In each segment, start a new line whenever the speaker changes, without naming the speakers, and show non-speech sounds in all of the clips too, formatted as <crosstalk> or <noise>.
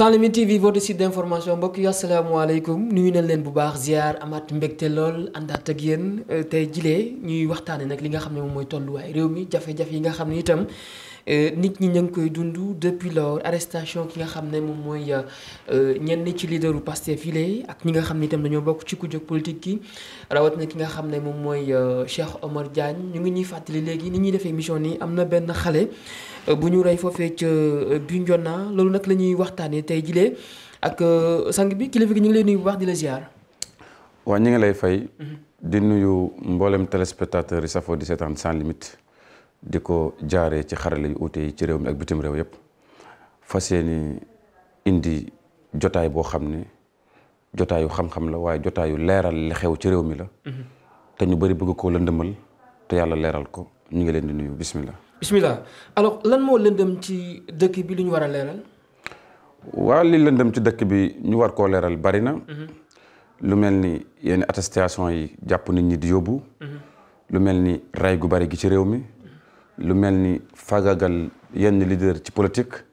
sans limite TV votre site d'information mbokk yi asalaamaaleykum nuyu ne leen bu baax ziar amaat mbégte lool àndaat ak yéen euh, tey jilee ñuy waxtaane nag li nga xam ne moom mooy tolluwaay réew mi jafe-jafe yi nga xam ne itam Euh, nit ñi ñu ngi koy dundu depuis lors arrestation ki nga xam ne moom mooy euh, euh, ñenn ci leaderu Pastef yi ak ñi nga xam ne itam dañoo bokk ci ku jóg politique gi rawat ki nga xam ne moom mooy Cheikh Omar Diagne ñu ngi ñuy fàttali léegi ni ñuy defee mission nii am na benn xale bu ñu rey foofee ca Bignona loolu nag la ñuy waxtaanee tey jile ak sang bi kilifa ki ñu ngi lay nuyu bu baax di la ziar.
waa ñu ngi lay fay. Mhm. di nuyu mboolem téléspectateur yi safoo di seetaan sans limite. di ko jaare ci xarale yu uute yi ci réew mi ak bitim réew yëpp fas yéene indi jotaay boo xam ne jotaayu xam-xam la waaye jotaayu leeral li xew ci réew mi la. Mhm. te ñu bëri bëgg koo lëndëmal te yàlla leeral ko ñu ngi leen di nuyu bismillah.
bismillah alors lan moo lëndëm ci dëkk bi lu ñu war a leeral.
waaw li lëndëm ci dëkk bi ñu war koo leeral bari na. Mhm. lu mel ni yenn attestation yi jàpp nit ñi di yóbbu. Mhm. lu mel ni rey gu bari gi ci réew mi. lu mel ni fagagal yenn leader ci politique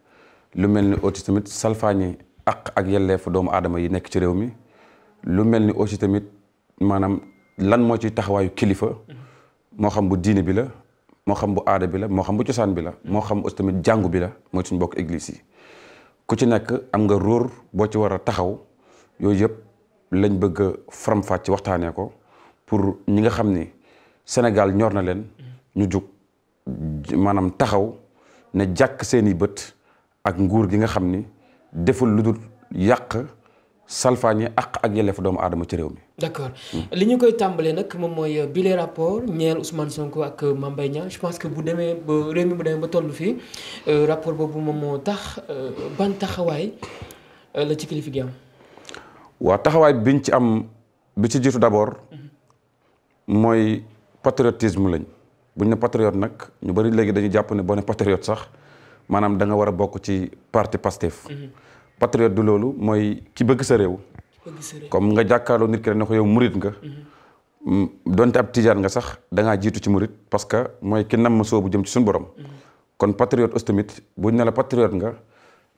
lu mel ni aussi tamit salfaañi àq ak yelleefu doomu aadama yi nekk ci réew mi lu mel ni aussi tamit maanaam lan moo ci taxawaayu kilifa moo xam bu diine bi la moo xam bu aada bi la moo xam bu cosaan bi la moo xam aussi tamit jàngu bi la mooy suñu bokk église yi ku ci nekk am nga róor boo ci war a taxaw yooyu yëpp lañ bëgg a ci waxtaanee ko pour ñi nga xam ni Sénégal ñor na leen ñu jug maanaam taxaw ne jàkk seeni bët ak nguur gi nga xam ni deful lu dul yàq salfaañi àq ak yelleefu doomu aadama ci réew mi.
d'accord li ñu koy tàmbalee nag moom mooy euh, bile rapport ñeel Ousmane Sonko ak euh, Mame ña Niang je que bu demee ba réew mi bu demee ba toll fii euh, rapport boobu moom moo tax ban taxawaay la ci kilifa gi am.
waaw taxawaay biñ ci am bi ci jiitu d'abord mhm. mooy patriotisme lañ. bu ñu ne patriote nag ñu bari léegi dañu jàpp ne boo ne sax maanaam da nga war a bokk ci parti Pastef mhm. patriote du loolu mooy ki bëgg sa réew comme nga jàkkaarloo nit ki rek ne ko yow murit nga mhm. mm, donte ab tijaan nga sax da ngaa jiitu ci murit parce que mooy ki nam ma soobu jëm ci suñu borom mhm. kon patriote aussi bu ñu ne la patriote nga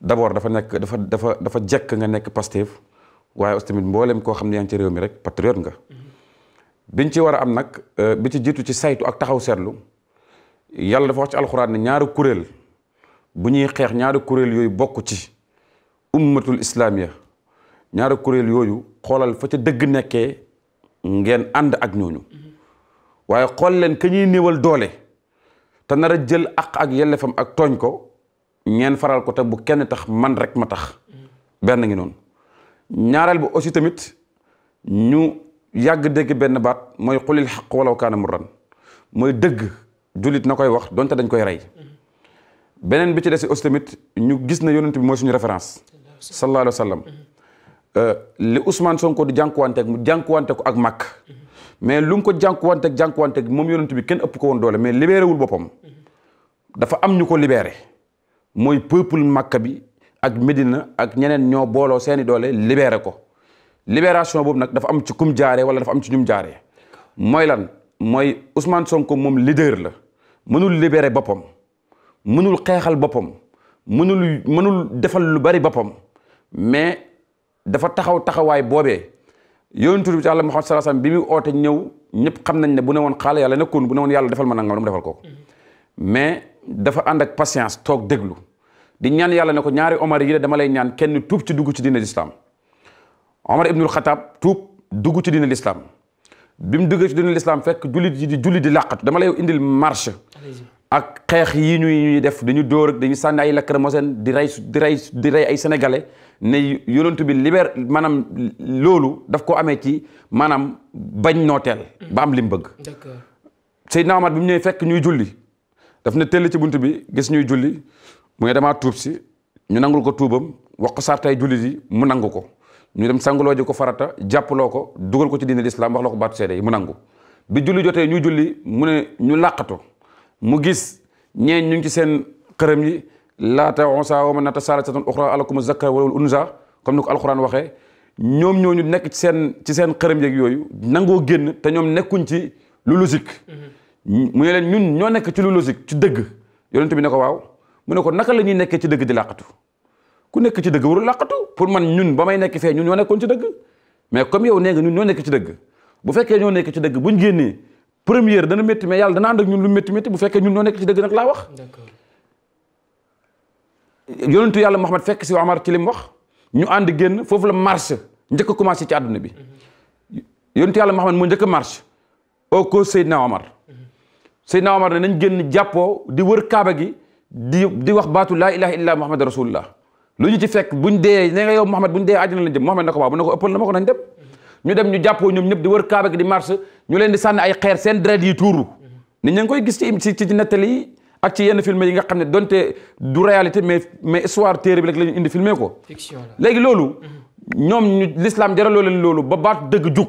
d'abord dafa nekk dafa dafa dafa jekk nga nekk Pastef waaye aussi tamit mbooleem koo xam ne yaa ci réew mi rek patriote nga biñ ci war am nag euh, bi ci jiitu ci saytu ak taxaw seetlu yàlla foo wax ci alxuraan ne ñaari kuréel bu ñuy xeex ñaari kuréel yooyu bokk ci ummatul islaamiya ñaari kuréel yooyu xoolal fa ca dëgg nekkee ngeen ànd ak ñooñu waaye xool leen ka ñuy néewal doole te nar a jël ak ak fam ak tooñ ko ngeen faral ko te bu kenn tax man rek ma tax mm-hmm. benn ngi noonu ñaareel bi aussi tamit ñu yàgg dégg benn baat mooy xulil xaq walaw kaana murran mooy dëgg jullit na koy wax donte dañ koy rey beneen bi ci des aussi tamit ñu gis na yonent bi mooy suñu référence sallallahu alayhi wa sallam euh, li Ousmane Sonko di jànkuwanteeg mu jànkuwante ko ak màkk mais lu mu ko jànkuwanteeg jànkuwanteeg moom yonent bi kenn ëpp ko woon doole mais libéré wul boppam dafa am ñu ko libéré mooy peuple màkk bi ak Médina ak ñeneen ñoo booloo seeni doole libéré ko libération boobu nag dafa am ci kum jaaree wala dafa am ci ñum jaare mooy lan mooy Ousmane Sonko moom leader la mënul libérer boppam mënul xeexal boppam mënul mënul defal lu bari boppam mais dafa taxaw taxawaay boobee yonentu bi ci Yàlla Muhammad sallallahu alayhi bi mu oote ñëw ñëpp xam nañ ne bu ne woon xaala yàlla nekkoon bu ne woon yàlla defal ma nangam dama defal ko mais dafa ànd ak patience toog déglu di ñaan yàlla ne ko ñaari Omar yi de dama lay ñaan kenn tuub ci dugg ci diine l'islam Omar ibnul Xataab tuub dugg ci dina lislaam bi mu duggee ci dina lislaam fekk jullit yi di julli di làqatu dama lay indil marche ak xeex yi ñuy ñuy def dañu dóor ak dañu sànni ay lacrymogène di rey di rey di rey ay sénégalais ne yonent bi libère maanaam loolu daf ko amee ci maanaam bañ nooteel ba am li mu bëgg Seydina Omar bi mu ñëwee fekk ñuy julli daf ne tell ci bunt bi gis ñuy julli mu ne damaa tuub si ñu nangul ko tuubam wax ko sartay jullit yi mu nangu ko ñu dem sanguloo ji ko farata jàppuloo ko dugal ko ci diine lislaam wax la ko baatu seede yi mu nangu bi julli jotee ñu julli mu ne ñu làqatu mu gis ñeen ñu ngi ci seen këram yi laata onsa wama nata salisatan uxra alakum zakar wala unza comme ni ko alquran waxee ñoom ñooñu nekk ci seen ci seen xërëm yeeg yooyu nangoo génn te ñoom nekkuñ ci lu logique mm-hmm. mu ne ñun ñoo nekk ci ci dëgg yonent bi ne ko waaw mu ne ko naka la ñuy nekkee ci dëgg di làqatu ku nekk ci dëgg warul làqatu pour man ñun ba may nekk fee ñun ñoo nekkoon ci dëgg mais comme yow nee ñun ñoo nekk ci dëgg bu fekkee ñoo nekk ci dëgg buñ génnee première dana métti mais yàlla dana ànd ak ñun lu métti métti bu fekkee ñun ñoo nekk ci dëgg nag laa wax yonentu yàlla Muhammad fekk si Omar ci lim wax ñu ànd génn foofu la marche njëkk a commencé ci àdduna bi yonentu yàlla Muhammad moo njëkk a marche au cause Seydina Omar Seydina Omar ne nañ génn jàppoo di wër kaaba gi di di wax baatu laa ilaha illa Muhammad rasulullah lu ñu ci fekk buñ dee ne nga yow Mouhamed buñ dee àjjana lañ jëm Mouhamed ne ko waaw mu ne ko ëppal na ma ko nañ dem ñu dem ñu jàppoo ñoom kaaba gi di marche ñu leen di sànni ay xeer seen deret yi tuuru nit ña ngi koy gis ci nettali ak ci yenn film yi nga xam ne donte du réalité mais mais histoire téere bi rek la ñu indi filmé ko léegi loolu ñoom ñu l'islam jaraloo leen loolu ba baat dëgg jug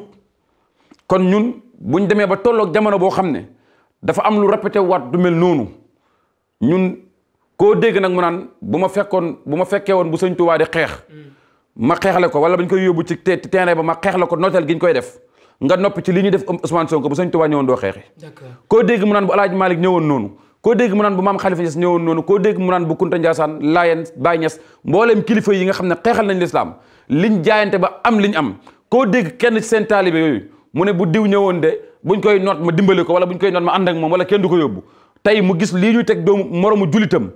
kon ñun buñ demee ba tolloog jamono boo xam ne dafa am lu répété waat du mel noonu ñun koo dégg nag mu naan bu ma fekkoon bu ma fekkee woon bu sëñ Tuubaa di xeex ma xeexle ko wala bañ koy yóbbu ci terrain ba ma xeexle ko nooteel gi ñu koy def nga noppi ci li ñuy def Ousmane Sonko bu sëñ Tuubaa ñëwoon doo xeexi koo dégg mu naan bu Alaaji Malick ñëwoon noonu koo dégg mu naan bu maam Khalifa Niass ñëwoon noonu koo dégg mu naan bu Kunta Ndiassane Laayeen Baay Niass mbooleem kilifa yi nga xam ne xeexal nañ lislaam liñ jaayante ba am liñ am koo dégg kenn ci seen taalibe mu ne bu diw ñëwoon de buñ koy noot ma dimbali ko wala buñ koy noot ma ànd ak moom wala kenn du ko yóbbu tey mu gis lii ñuy teg doomu moromu julitam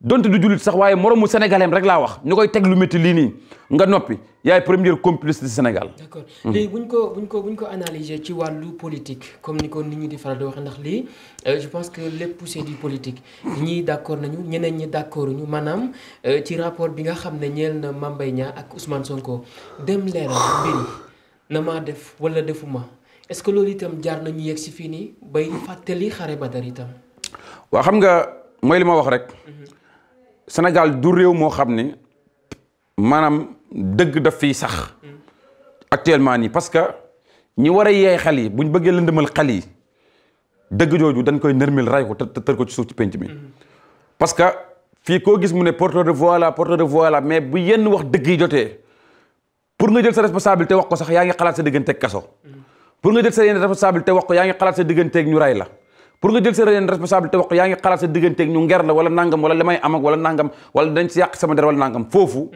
donte du jullit sax waaye moromu sénégalais rek laa wax ñu koy teg lu métti lii nii nga noppi yaay première complice du Sénégal. d'accord léegi
bu ñu ko bu ñu ko bu ñu ko analyser ci wàllu politique comme ni ko nit ñi di faral di waxee ndax lii euh, je pense que lépp c'est du politique ñii d'accord nañu ñeneen ñi d'accord ñu maanaam euh, ci rapport bi nga xam ne ñeel na Mame Mbaye Niang ak Ousmane Sonko dem leeral mbiri na maa def wala defuma est-ce que loolu itam jaar nañu yegg si fii nii bay fàttali xare Badar itam.
waaw xam nga mooy li ma wax rek. Mhm. Sénégal du réew moo xam ne maanaam dëgg daf fiy sax actuellement nii parce que ñi war a yeey xel yi bu buñ bëggee lëndëmal xel yi dëgg jooju dañ koy nërmil ray ko të tër ko ci suuf ci penc mi parce que fii koo gis mu ne porteur de voix la porteur de la mais bu yenn wax dëgg yi jotee pour nga jël sa responsabilité wax ko sax yaa ngi xalaat sa digganteeg kaso pour nga jël sa yenn responsabilité wax ko yaa ngi xalaat sa digganteeg ñu ray la pour nga jël sa yeneen responsabilité wax yaa ngi xalaat sa ñu nger la wala nangam wala li may am ak wala nangam wala dañ si yàq sama der wala nangam foofu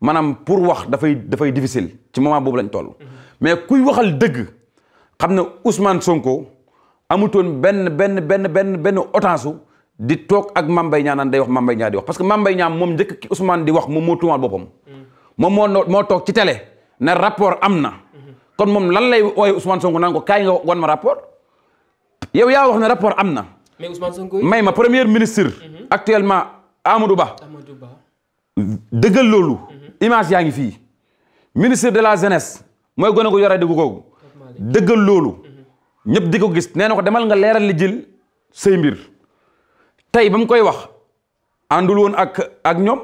maanaam pour wax dafay dafay difficile ci moment boobu lañ toll mais kuy waxal dëgg xam ne Ousmane Sonko amutoon benn benn benn benn benn otansu di toog ak Mame Mbaye Niang naan day wax Mame Mbaye di wax parce que Mame Mbaye moom njëkk ki di wax moom moo tuumaal boppam moom moo moo toog ci télé ne rapport am na mm-hmm. kon moom lan lay wooye Ousmane Sonko naan ko yow yaa wax na rapport am na.
mais Ousmane Sonko may
ma premier ministre. Mhm. actuellement Amadou Ba. Amadou Ba. dëggal loolu. Mhm. image yaa ngi fii. ministre de la jeunesse mooy gone gu yore dugg googu. dëggal loolu. Mhm. ñëpp di ko gis nee na ko demal nga leeral li jël say mbir. tey ba koy wax àndul woon ak ak ñoom.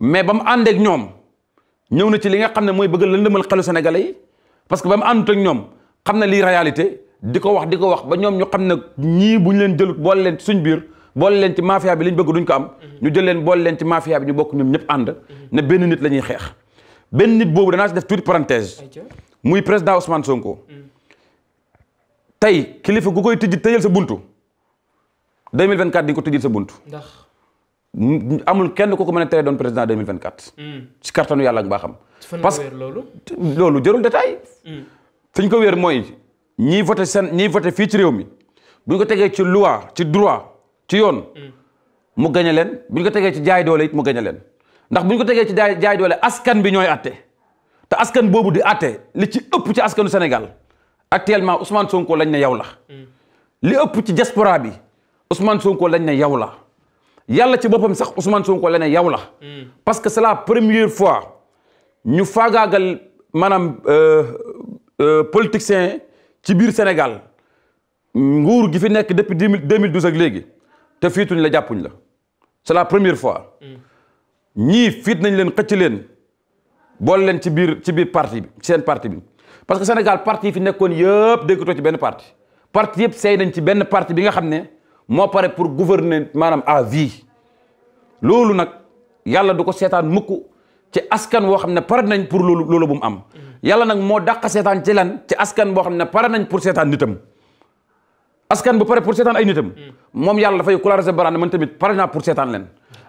mais ba mu ànd ñoom. ñëw na ci li nga xam ne mooy bëgg lëndëmal xelu Sénégalais yi parce que bam mu àndut ñoom xam na lii réalité. di ko wax di ko wax ba ñoom ñu xam ne ñii bu ñu leen jëlut boole leen suñ biir boole leen ci mafia bi li bëgg duñ ko am ñu jël leen boole leen ci mafia bi ñu bokk ñoom ñëpp ànd ne benn nit la ñuy xeex benn nit boobu danaa si def tuuti parenthèse muy président Ousmane Sonko tey kilifa gu koy tëj tëjal sa buntu 2024 di nga ko tëjal sa buntu amul kenn ku ko mën a tere doon président 2024. Hmm. ci kattanu yàlla ak baaxam.
parce que loolu.
loolu jërul détail. Hmm. fi ñu ko wéer mooy ñiy voté seen ñiy fii ci réew mi bu ñu ko tegee ci loi ci droit ci yoon mu gañe leen bu ñu ko tegee ci jaay doole it mu gañe leen ndax bu ñu ko tegee ci jaay jaay doole askan bi ñooy atte te askan boobu di atte li ci ëpp ci askanu Sénégal actuellement Ousmane Sonko lañ ne yow la li ëpp ci diaspora bi Ousmane Sonko lañ ne yow la yàlla ci boppam sax Ousmane Sonko la ne yow la parce que c'est la première fois ñu faagaagal maanaam euh, euh, politicien ci biir Sénégal nguur gi fi nekk depuis deux mille douze ak léegi te fiituñ la jàppuñ la c'est la première fois ñii fiit nañ leen xëcc leen boole leen ci biir ci biir parti bi seen parti bi parce que Sénégal parti yi fi nekkoon yëpp déggatoo ci benn parti parti yëpp seey nañ ci benn parti bi nga xam ne moo pare pour gouverner maanaam à vie loolu nag yàlla du ko seetaan mukk ci askan woo xam ne pare nañ pour loolu loolu bu mu am yàlla nag moo dàq seetaan ci lan ci askan boo xam ne pare nañ pour seetaan nitam askan bu pare pour seetaan ay nitam moom yàlla dafay ku la recevoir ne man tamit pare naa pour seetaan leen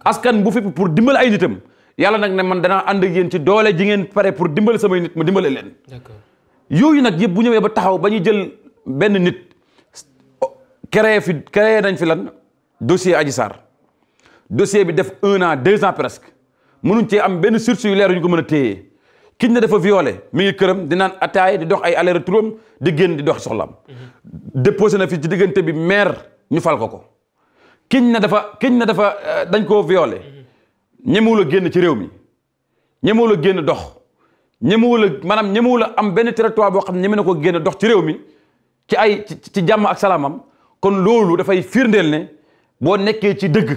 askan bu fépp pour dimbal ay nitam yàlla nag ne man danaa ànd ak ci doole ji ngeen pare pour dimbal samay nit ma dimbale leen yooyu nag yëpp bu ñëwee ba taxaw ba ñu jël benn nit créé fi créé nañ fi lan dossier Adji Sarr dossier bi def un an deux ans presque mënuñ cee am benn source yu leer ko mën a téye kiñ na dafa violé mi ngi këram di naan ataay di dox ay aller retour di génn di dox soxlaam. déposé na fii ci diggante bi maire ñu fal ko ko. kiñ na dafa kiñ na dafa euh, dañ koo violé. ñemewul a génn ci réew mi ñemewul a génn dox. ñemewul a maanaam ñemewul a am benn territoire boo xam ne ñeme na ko génn dox ci réew mi ci ay ci jàmm ak salaamam kon loolu dafay firndeel ne boo nekkee ci dëgg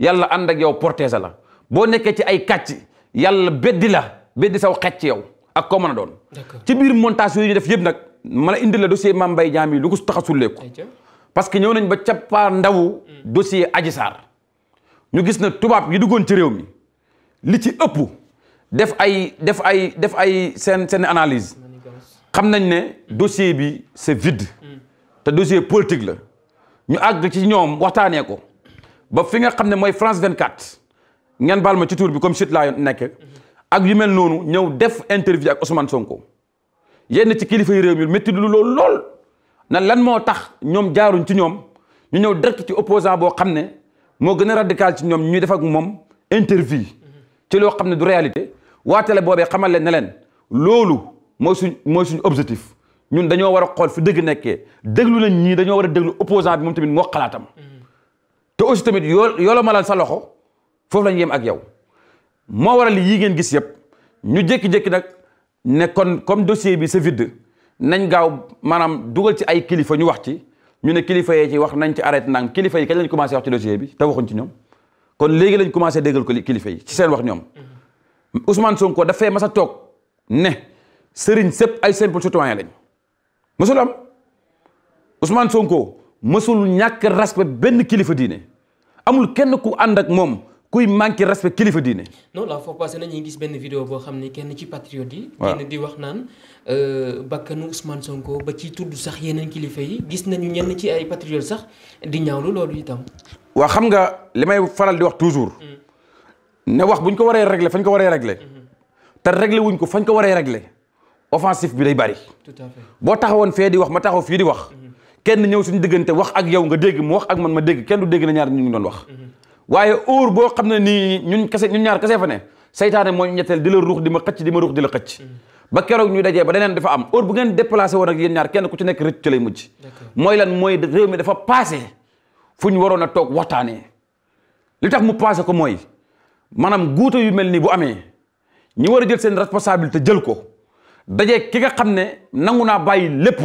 yàlla ànd ak yow portée la boo nekkee ci ay kàcc yàlla beddi la. beddi saw xeet ci yow ak koo mën a doon ci biir montage yooyu ñu def yëpp nag mën a indi la dossier Mame Mbaye Niang yi lu ko tax a sulleeku parce que ñëw nañ ba cappaa ndaw hmm. dossier Adji Sarr ñu gis na tubaab yi duggoon ci réew mi li ci ëpp def ay def ay def ay seen seen xam nañ ne dossier bi c'est vide hmm. te dossier politique la ñu àgg ci ñoom waxtaanee ko ba fi nga xam ne mooy France 24 ngeen baal ma ci tur bi comme chute laa yoon nekk hmm. ak yu mel noonu ñëw def interview ak Ousmane Sonko yenn ci kilifa yi réew mi métti lu loolu lool na lan moo tax ñoom jaaruñ ci ñoom ñu ñëw direct ci opposant boo xam ne moo gën a radical ci ñoom ñuy def ak moom interview ci loo xam ne du réalité waatale boobee xamal leen ne leen loolu mooy suñ mooy suñu objectif ñun dañoo war a xool fu dëgg nekke déglu nañ ñii dañoo war a déglu opposant bi moom tamit moo xalaatam mm-hmm. te aussi tamit yoo yoolamalal sa loxo foofu lañ yem ak yow moo waral yii ngeen gis yëpp ñu jékki-jékki nag ne kon comme dossier bi c'est vide nañ gaaw maanaam dugal ci ay kilifa ñu wax ci ñu ne kilifa yee ci wax nañ ci arrêté nangam kilifa yi kañ lañ commencé wax ci dossier bi te waxuñ ci ñoom kon léegi lañ commencé déggal ko kilifa yi ci seen wax ñoom mm-hmm. Ousmane Sonko dafay mas a toog ne sëriñ sëpp ay simple citoyen lañ mësul am Ousmane Sonko mësul ñàkk respect benn kilifa diine amul kenn ku ànd ak moom kuy manqué respect kilifa diine.
non la fois passée nañu gis benn vidéo boo xam ne kenn ci patriote yi. wax naan euh, bakkanu Ousmane Sonko ba ci tudd sax yeneen kilifa yi gis nañu ñenn ci ay patriote sax di ñaawlu loolu itam.
waa xam nga li may faral di wax toujours. Mm. ne wax buñ ko waree régler fañ ko waree régler. Mm-hmm. te régler wuñ ko fañ ko waree regle offensif bi day bari. tout à boo taxawoon fee di wax ma taxaw fii di wax. Mm-hmm. kenn ñëw suñu diggante wax ak yow nga dégg mu wax ak man ma dégg kenn du dégg na ñaar ñu ngi doon wax. Mm-hmm. waaye óor boo xam ne nii ñun kese ñun ñaar kese fa ne seytaane moo ñetteel di la ruux di ma xëcc di ma ruux di la xëcc ba keroog ñu dajee ba daneen dafa am óor bu ngeen déplacé woon ak yéen ñaar kenn ku ci nekk rëcc lay mujj mooy lan mooy réew mi dafa passé fu ñu waroon a toog waxtaanee li tax mu passé ko mooy maanaam guuto yu mel nii bu amee ñu war a jël seen responsabilité jël ko dajee ki nga xam ne nangu naa bàyyi lépp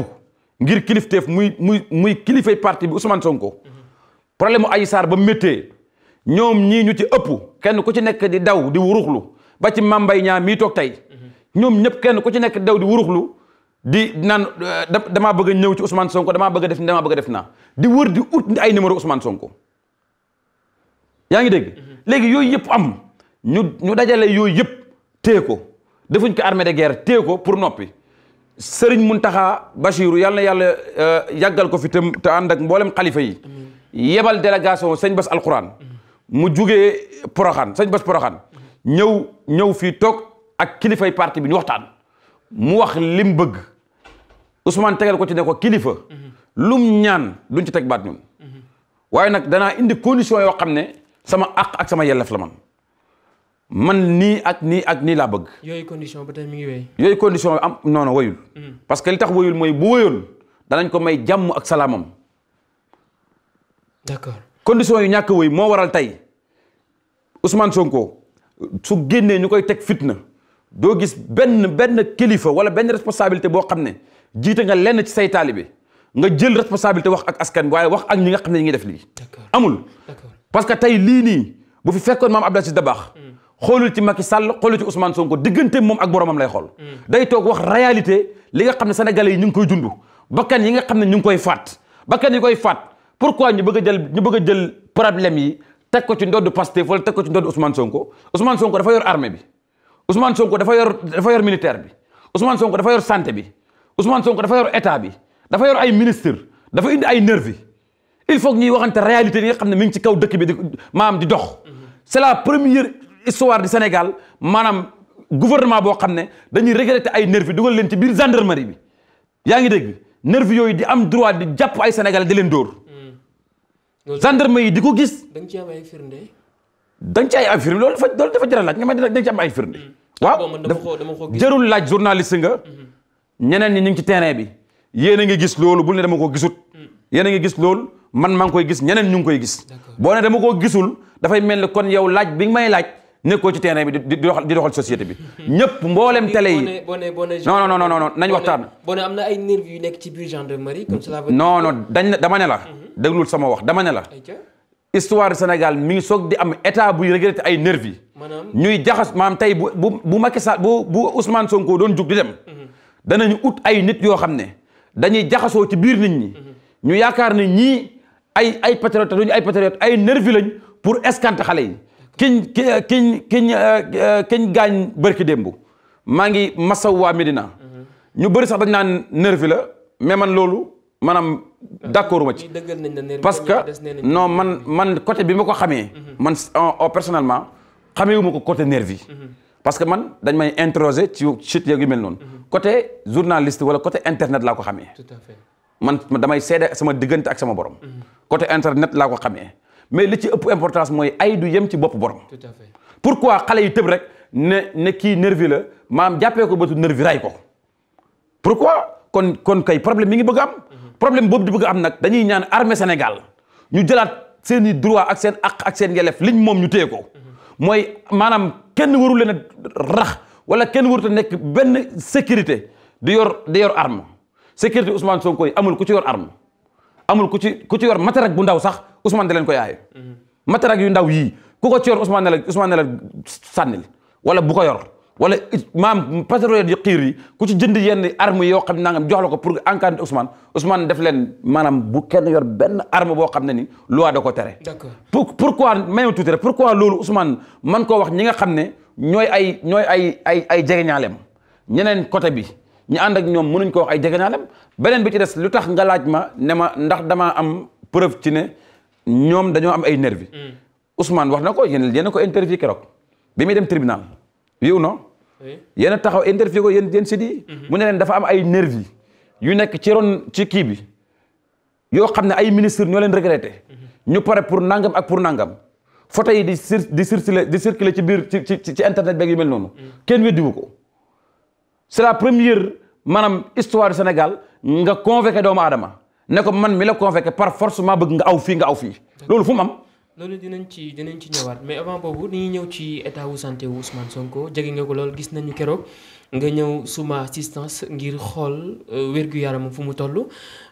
ngir kilifteef muy muy muy kilifay parti bi Ousmane Sonko mhm. problème mu Adji Sarr ba méttee ñoom ñii ñu ci ëpp kenn ku ci nekk di daw di wuruxlu ba ci mambay ñaa mii toog tey ñoom ñëpp kenn ku ci nekk di daw di wuruxlu di naan damaa bëgg a ñëw ci Ousmane Sonko damaa bëgg def damaa bëgg a def naa di wër di ut ay numéro Ousmane Sonko yaa ngi dégg. léegi yooyu yëpp am ñu ñu dajale yooyu yëpp téye ko defuñ ko armée de guerre téye ko pour noppi Serigne Mountakha Bachiru yàlla na yàlla euh, yàggal ko fi te ànd ak mboolem xalifa yi. yebal délégation sëñ Bass Alxuraan. mu jugee Poroxaan sëñ Bass Poroxaan ñëw ñëw fii toog ak kilifay parti bi ñu waxtaan mu wax lim bëgg Ousmane tegal ko ci ne ko kilifa lum ñaan duñ ci teg baat ñun waaye nag danaa indi condition yoo xam ne sama àq ak sama yellaf la man man nii ak nii ak nii laa bëgg.
yooyu condition ba tey mi ngi wéy.
yooyu condition am non non mm. parce que li tax wéyul mooy bu wéyoon danañ ko may jàmm ak salaamam. d'accord. condition yu ñàkk woy moo waral tey Ousmane Sonko su génnee ñu koy teg fitna doo gis benn benn kilifa wala benn responsabilité boo xam ne jiite nga lenn ci say taalibe nga jël responsabilité wax ak askan waaye wax ak ñi nga xam ne ñi ngi def lii. amul parce que tey lii nii bu fi fekkoon maam Abdoulaye Sy Dabakh hmm. xoolul ci Macky Sall xoolul ci Ousmane Sonko diggante moom ak boromam lay xool. Hmm. day toog wax réalité li nga xam ne sénégalais yi ñu ngi koy dund bakkan yi nga xam ne ñu ngi koy faat bakkan koy faat. pourquoi ñu bëgg a jël ñu bëgg jël problème yi teg ko ci ndodd Pastef wala teg ko ci ndodd Ousmane Sonko Ousmane Sonko dafa yor armée bi Ousmane Sonko dafa yor dafa yor bi Ousmane Sonko dafa yor santé bi Ousmane Sonko dafa yor état bi dafa yor ay ministre dafa indi ay nervi il faut que ñuy waxante réalité yi nga xam ne mi ngi ci kaw dëkk bi di maanaam di dox c'est la première histoire du Sénégal maanaam gouvernement boo xam ne dañuy regretter ay nervi dugal leen ci biir gendarmerie bi yaa ngi dégg nervi yooyu di am droit di jàpp ay Sénégalais di leen dóor
gendarme yi di ko gis. da nga ci am ay firnde.
da nga ci ay ay firnde loolu dafa loolu dafa jar a laaj nga ma da nga ci am ay firnde. Mm. waaw jarul laaj journaliste nga. Mm-hmm. ñeneen ñi ñu ngi ci terrain bi. yéen a ngi gis loolu bul ne dama koo gisut. Mm. yéen a ngi gis loolu man maa ngi koy gis ñeneen ñu ngi koy gis. boo ne dama koo gisul dafay mel ni kon yow laaj bi nga may laaj. nekkoo ci terrain bi di doxal di doxal société bi mm-hmm. ñëpp mboolem télé yi non non non non nañ waxtaan.
boo ne am na nekk ci biir gendarmerie. comme cela non
dama ne la. Mm-hmm. déglul sama wax dama ne la. histoire Sénégal mi ngi soog di am état buy regretté ay nervi ñuy jaxas maam tey bu bu bu Macky Sall bu bu Ousmane Sonko doon jug di dem. Mhm. danañu ut ay nit yoo xam ne dañuy jaxasoo ci biir nit ñi. Mhm. ñu yaakaar ne ñii ay ay patriote duñu ay patriote ay nervi lañ pour escanter xale yi. kiñ kiñ kiñ euh, euh, kiñ gaañ bërki démb maa ngi masaw waa Medina. Mhm. ñu bëri sax dañ naan nervi la mais man loolu maanaam. d'accord ma ci
parce que non man
man côté bi ma ko xamee mhm. man en personnellement xameewu ma ko côté nervi mhm. parce que man dañ may introsé ci chute yeeg yu mel noonu mhm. côté journaliste wala côté internet laa ko xamee man damay seede sama diggante ak sama borom côté internet laa ko xamee mais li ci ëpp importance mooy ay du yem ci bopp borom pourquoi xale yi tëb rek ne ne kii nervi la maam jàppee ko bëtu nervi ray ko pourquoi kon kon kay problème mi ngi bëgg am problème boobu di bëgg am nag dañuy ñaan armée Sénégal ñu jëlaat seen i droit ak seen aq ak seen yelef liñ moom ñu téye ko mooy maanaam kenn warul leen a rax wala kenn warut a nekk benn sécurité di yor di yor arme sécurité Ousmane Sonko yi amul ku ci yor arme amul ku ci ku ci yor matériel bu ndaw sax Ousmane da leen ko yaaye matériel mhm. yu ndaw yii ku ko ci yor Ousmane ne la Ousmane ne la sànnil wala bu ko yor wala maam patriote yi xiir yi ku ci jënd yenn arme yoo xam ne nangam jox la ko pour encadrer Ousmane Ousmane def leen maanaam bu kenn yor benn arme boo xam ne ni loi da ko tere. d'accord pour pourquoi may ma tuuti pour pourquoi loolu Ousmane man koo wax ñi nga xam ne ñooy ay ñooy ay ay ay jegeñaaleem ñeneen côté bi ñu ànd ak ñoom mënuñ ko wax ay jegeñaaleem beneen bi ci des lu tax nga laaj ma ne ma ndax damaa am preuve ci ne ñoom dañoo am ay nervi mm. Ousmane wax na ko yéen yéen ko interview keroog bi muy dem tribunal yow non. yéen a taxaw interview ko yéen yéen sidi yi mhm. mu ne leen dafa am ay nervi yu nekk ci ron ci kii bi yoo xam ne ay ministre ñoo leen regretté mhm. ñu pare pour nangam ak pour nangam photo yi di cir di circuler di circuler ci biir ci ci ci internet beeg yu noonu mhm. kenn weddiwu ko c'est la première maanaam histoire du Sénégal nga convoqué doomu aadama ne ko man mi la convoqué par force maa bëgg nga aw fii nga aw fii loolu fu am
loolu dinañ ci dinañ ci ñëwaat mais avant boobu dañuy ñëw ci état wu santé wu Ousmane Sonko jege nga ko lool gis nañu keroog nga ñëw suma assistance ngir xool euh, wérgu yaramam fu mu toll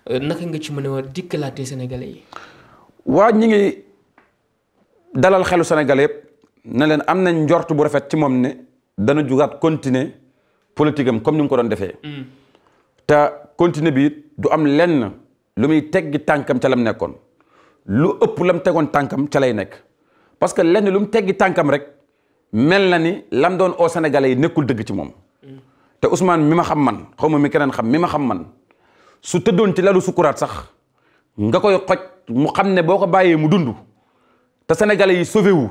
euh, naka nga ci mën a war dikkalaatee sénégalais yi.
waa ñu ngi dalal xelu sénégalais yëpp na leen am nañ njort bu rafet ci moom ne dana jugaat continuer politique am comme ni nga ko doon defee. Mm. te continuer bi du am lenn lu muy teggi tànkam ca lam nekkoon. lu ëpp lam tegoon tànkam ca lay nekk parce que lenn lu mu teggi tànkam rek mel na ni lam doon au Sénégalais yi nekkul dëgg ci moom te Ousmane mi ma xam man xaw ma mi keneen xam mi ma xam man su tëddoon ci lalu sukuraat sax nga koy xoj mu xam ne boo ko bàyyee mu dund te sénégalais yi sauvé wu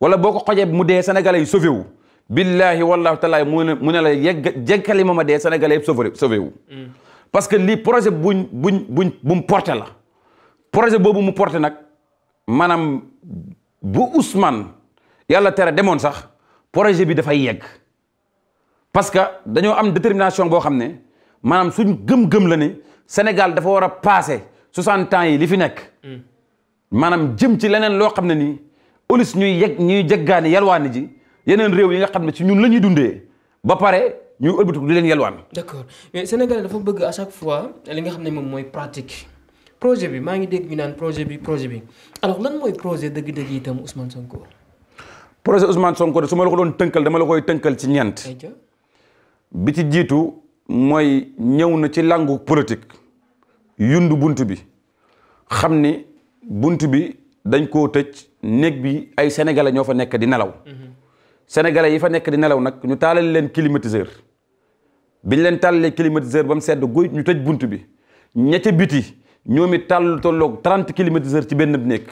wala boo ko xojee mu dee sénégalais yi sauvé wu billahi wallahi taala mu ne mu ne la yegg jekkali ma ma dee sénégalais yëpp sauvé sauvé wu mm. parce que lii projet bu buñ buñ bu mu porté la projet boobu mu porté nag maanaam bu Ousmane yàlla tere demoon sax projet bi dafay yegg parce que dañoo am détermination boo xam ne maanaam suñ gëm-gëm la ne Sénégal dafa war a passé soixante ans yi li fi nekk hmm. maanaam jëm ci leneen loo xam ne nii aulis ñuy yegg ñuy jeggaani yalwaani ji yeneen réew yi nga xam ne ci ñun la ñuy dundee ba pare ñu ëlbatiku di leen yalwaan.
d'accord mais Sénégal dafa bëgg à chaque fois li nga xam ne moom mooy pratique. projet bi maa ngi dégg ñu naan projet bi projet bi alors lan mooy projet dëgg-dëgg itam Ousmane Sonko.
projet Ousmane Sonko de su ma la ko doon tënkal dama la koy tënkal ci ñeent. bi ci jiitu mooy ñëw na ci langu politique yundu bunt bi xam ni bunt bi dañ koo tëj néeg bi ay sénégalais ñoo fa nekk di nelaw. Mhm. sénégalais yi fa nekk di nelaw nag ñu taalal leen climatiseur bi ñu leen taalalee climatiseur ba mu sedd guy ñu tëj bunt bi ña ca biti. ñoom it tàll tolloog 30 kilomètres heure ci benn néeg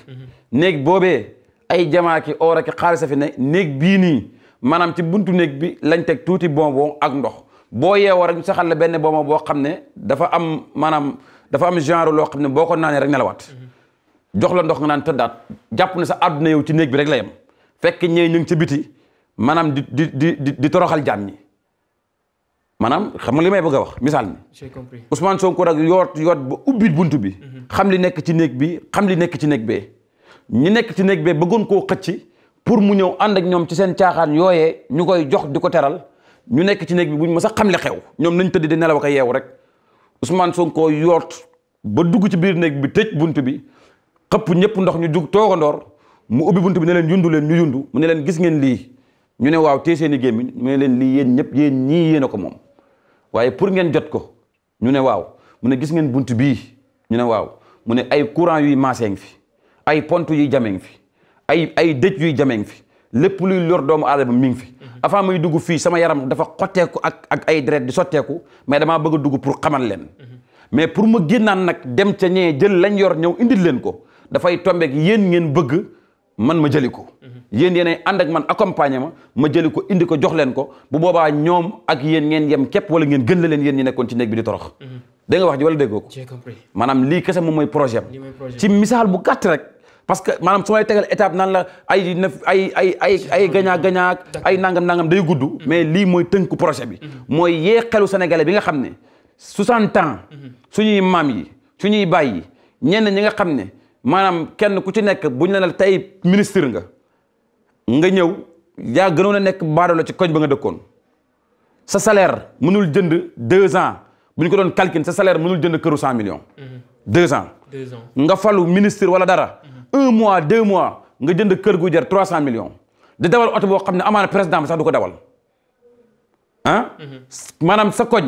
néeg boobee ay jamaa ki or ak xaalis fi ne néeg bii nii maanaam ci buntu néeg bi lañ teg tuuti bonbon ak ndox boo yeewoo rek ñu saxal la benn bonbon boo xam ne dafa am maanaam dafa am genre loo xam ne boo ko naanee rek nelawaat jox la ndox nga naan tëddaat jàpp ne sa àdduna yow ci néeg bi rek la yem fekk ñee ñu ngi ca biti maanaam di di di di toroxal jaam ñi maanaam xam nga li may bëgg a wax misaal mi. j'ai compris Ousmane Sonko rek yoot yoot ba ubbi bunt bi. Mhm. xam li nekk ci néeg bi xam li nekk ci néeg bee. ñi nekk ci néeg be bee bëggoon koo xëcc pour mu ñëw ànd ak ñoom ci seen caaxaan yooyee ñu koy jox di ko teral ñu nekk ci néeg bi buñ ma sax xam li xew ñoom nañ tëdd di nelaw ko yeewu rek Ousmane Sonko yoot ba dugg ci biir néeg bi tëj bunt bi xëpp ñëpp ndox ñu jug toogandoor mu ubbi bunt bi ne leen yundu leen ñu yundu mu ne leen gis ngeen lii ñu ne waaw tee seen i gémmiñ leen lii yéen ñëpp yéen ñii yéen ko moom waaye pour ngeen jot ko ñu ne waaw mu ne gis ngeen bunt bii ñu ne waaw mu ne ay courant yuy maasee ngi fi ay pont yuy jamee ngi fi ay ay dëj yuy jamee ngi fi lépp luy lor doomu aadama mi ngi fi mhm. avant muy dugg fii sama yaram dafa xotteeku ak ak ay deret di sotteeku mais damaa bëgg a dugg pour xamal leen mhm. mais pour ma génnaan nag dem ca ñee jël lañ yor ñëw indil leen ko dafay tombeek yéen ngeen bëgg man ma jëli ko yéen yéenay ànd ak man accompagner ma ma jëli ko indi ko jox leen ko bu boobaa ñoom ak yéen ngeen yem képp wala ngeen gën la leen yéen ñi nekkoon ci néeg bi di torox mhm. nga wax ji wala déggoo ko maanaam lii kese mooy projet ci misaal bu gàtt rek parce que maanaam su may tegal étape naan la ay nef ay ay ay ay gañaa gañaa ay nangam nangam day gudd mhm. mais lii mooy tënku projet bi mhm. mooy yee xelu sénégalais bi nga xam ne soixante ans suñuy maam yi suñuy baay yi ñenn ñi nga xam ne maanaam kenn ku ci nekk buñ la tey ministre nga nga ñëw yaa gënoon a nekk baadoolo ci koñ ba nga dëkkoon sa salaire mënul jënd deux ans bu ñu ko doon calcul sa salaire mënul jënd këru cent millions. Mhm. deux ans. deux nga falu ministre wala dara. Mhm. un mois deux mois nga jënd kër gu jar trois cent millions. di dawal oto boo xam ne amaan président bi sax du ko dawal. Mhm. maanaam sa koñ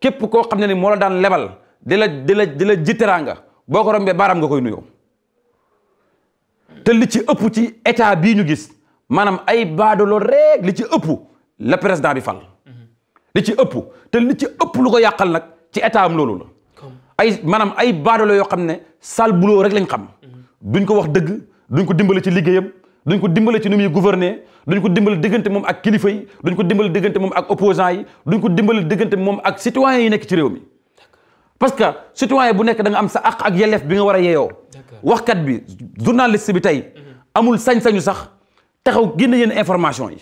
képp koo xam ne ni moo la daan lebal di la di la di boo ko rombee baaraam nga koy nuyoo. te li ci ëpp ci état bii ñu gis. maanaam ay baadoolo rek li ci ëpp la président bi fal. li ci ëpp te li ci ëpp lu ko yàqal nag ci état am loolu la. ay maanaam ay baadoolo yoo xam ne sale boulot rek lañ xam. Mhm. duñ ko wax dëgg duñ ko dimbali ci liggéeyam duñ ko dimbale ci nu muy gouverner duñ ko dimbale diggante moom ak kilifa yi duñ ko dimbale diggante moom ak opposants yi duñ ko dimbali diggante moom ak citoyens yi nekk ci réew mi. parce que citoyen bu nekk da am sa àq ak yelleef bi nga war a yeeyoo. waxkat bi journaliste bi tey mhm. amul sañ-sañu sax. taxaw génn yéen information yi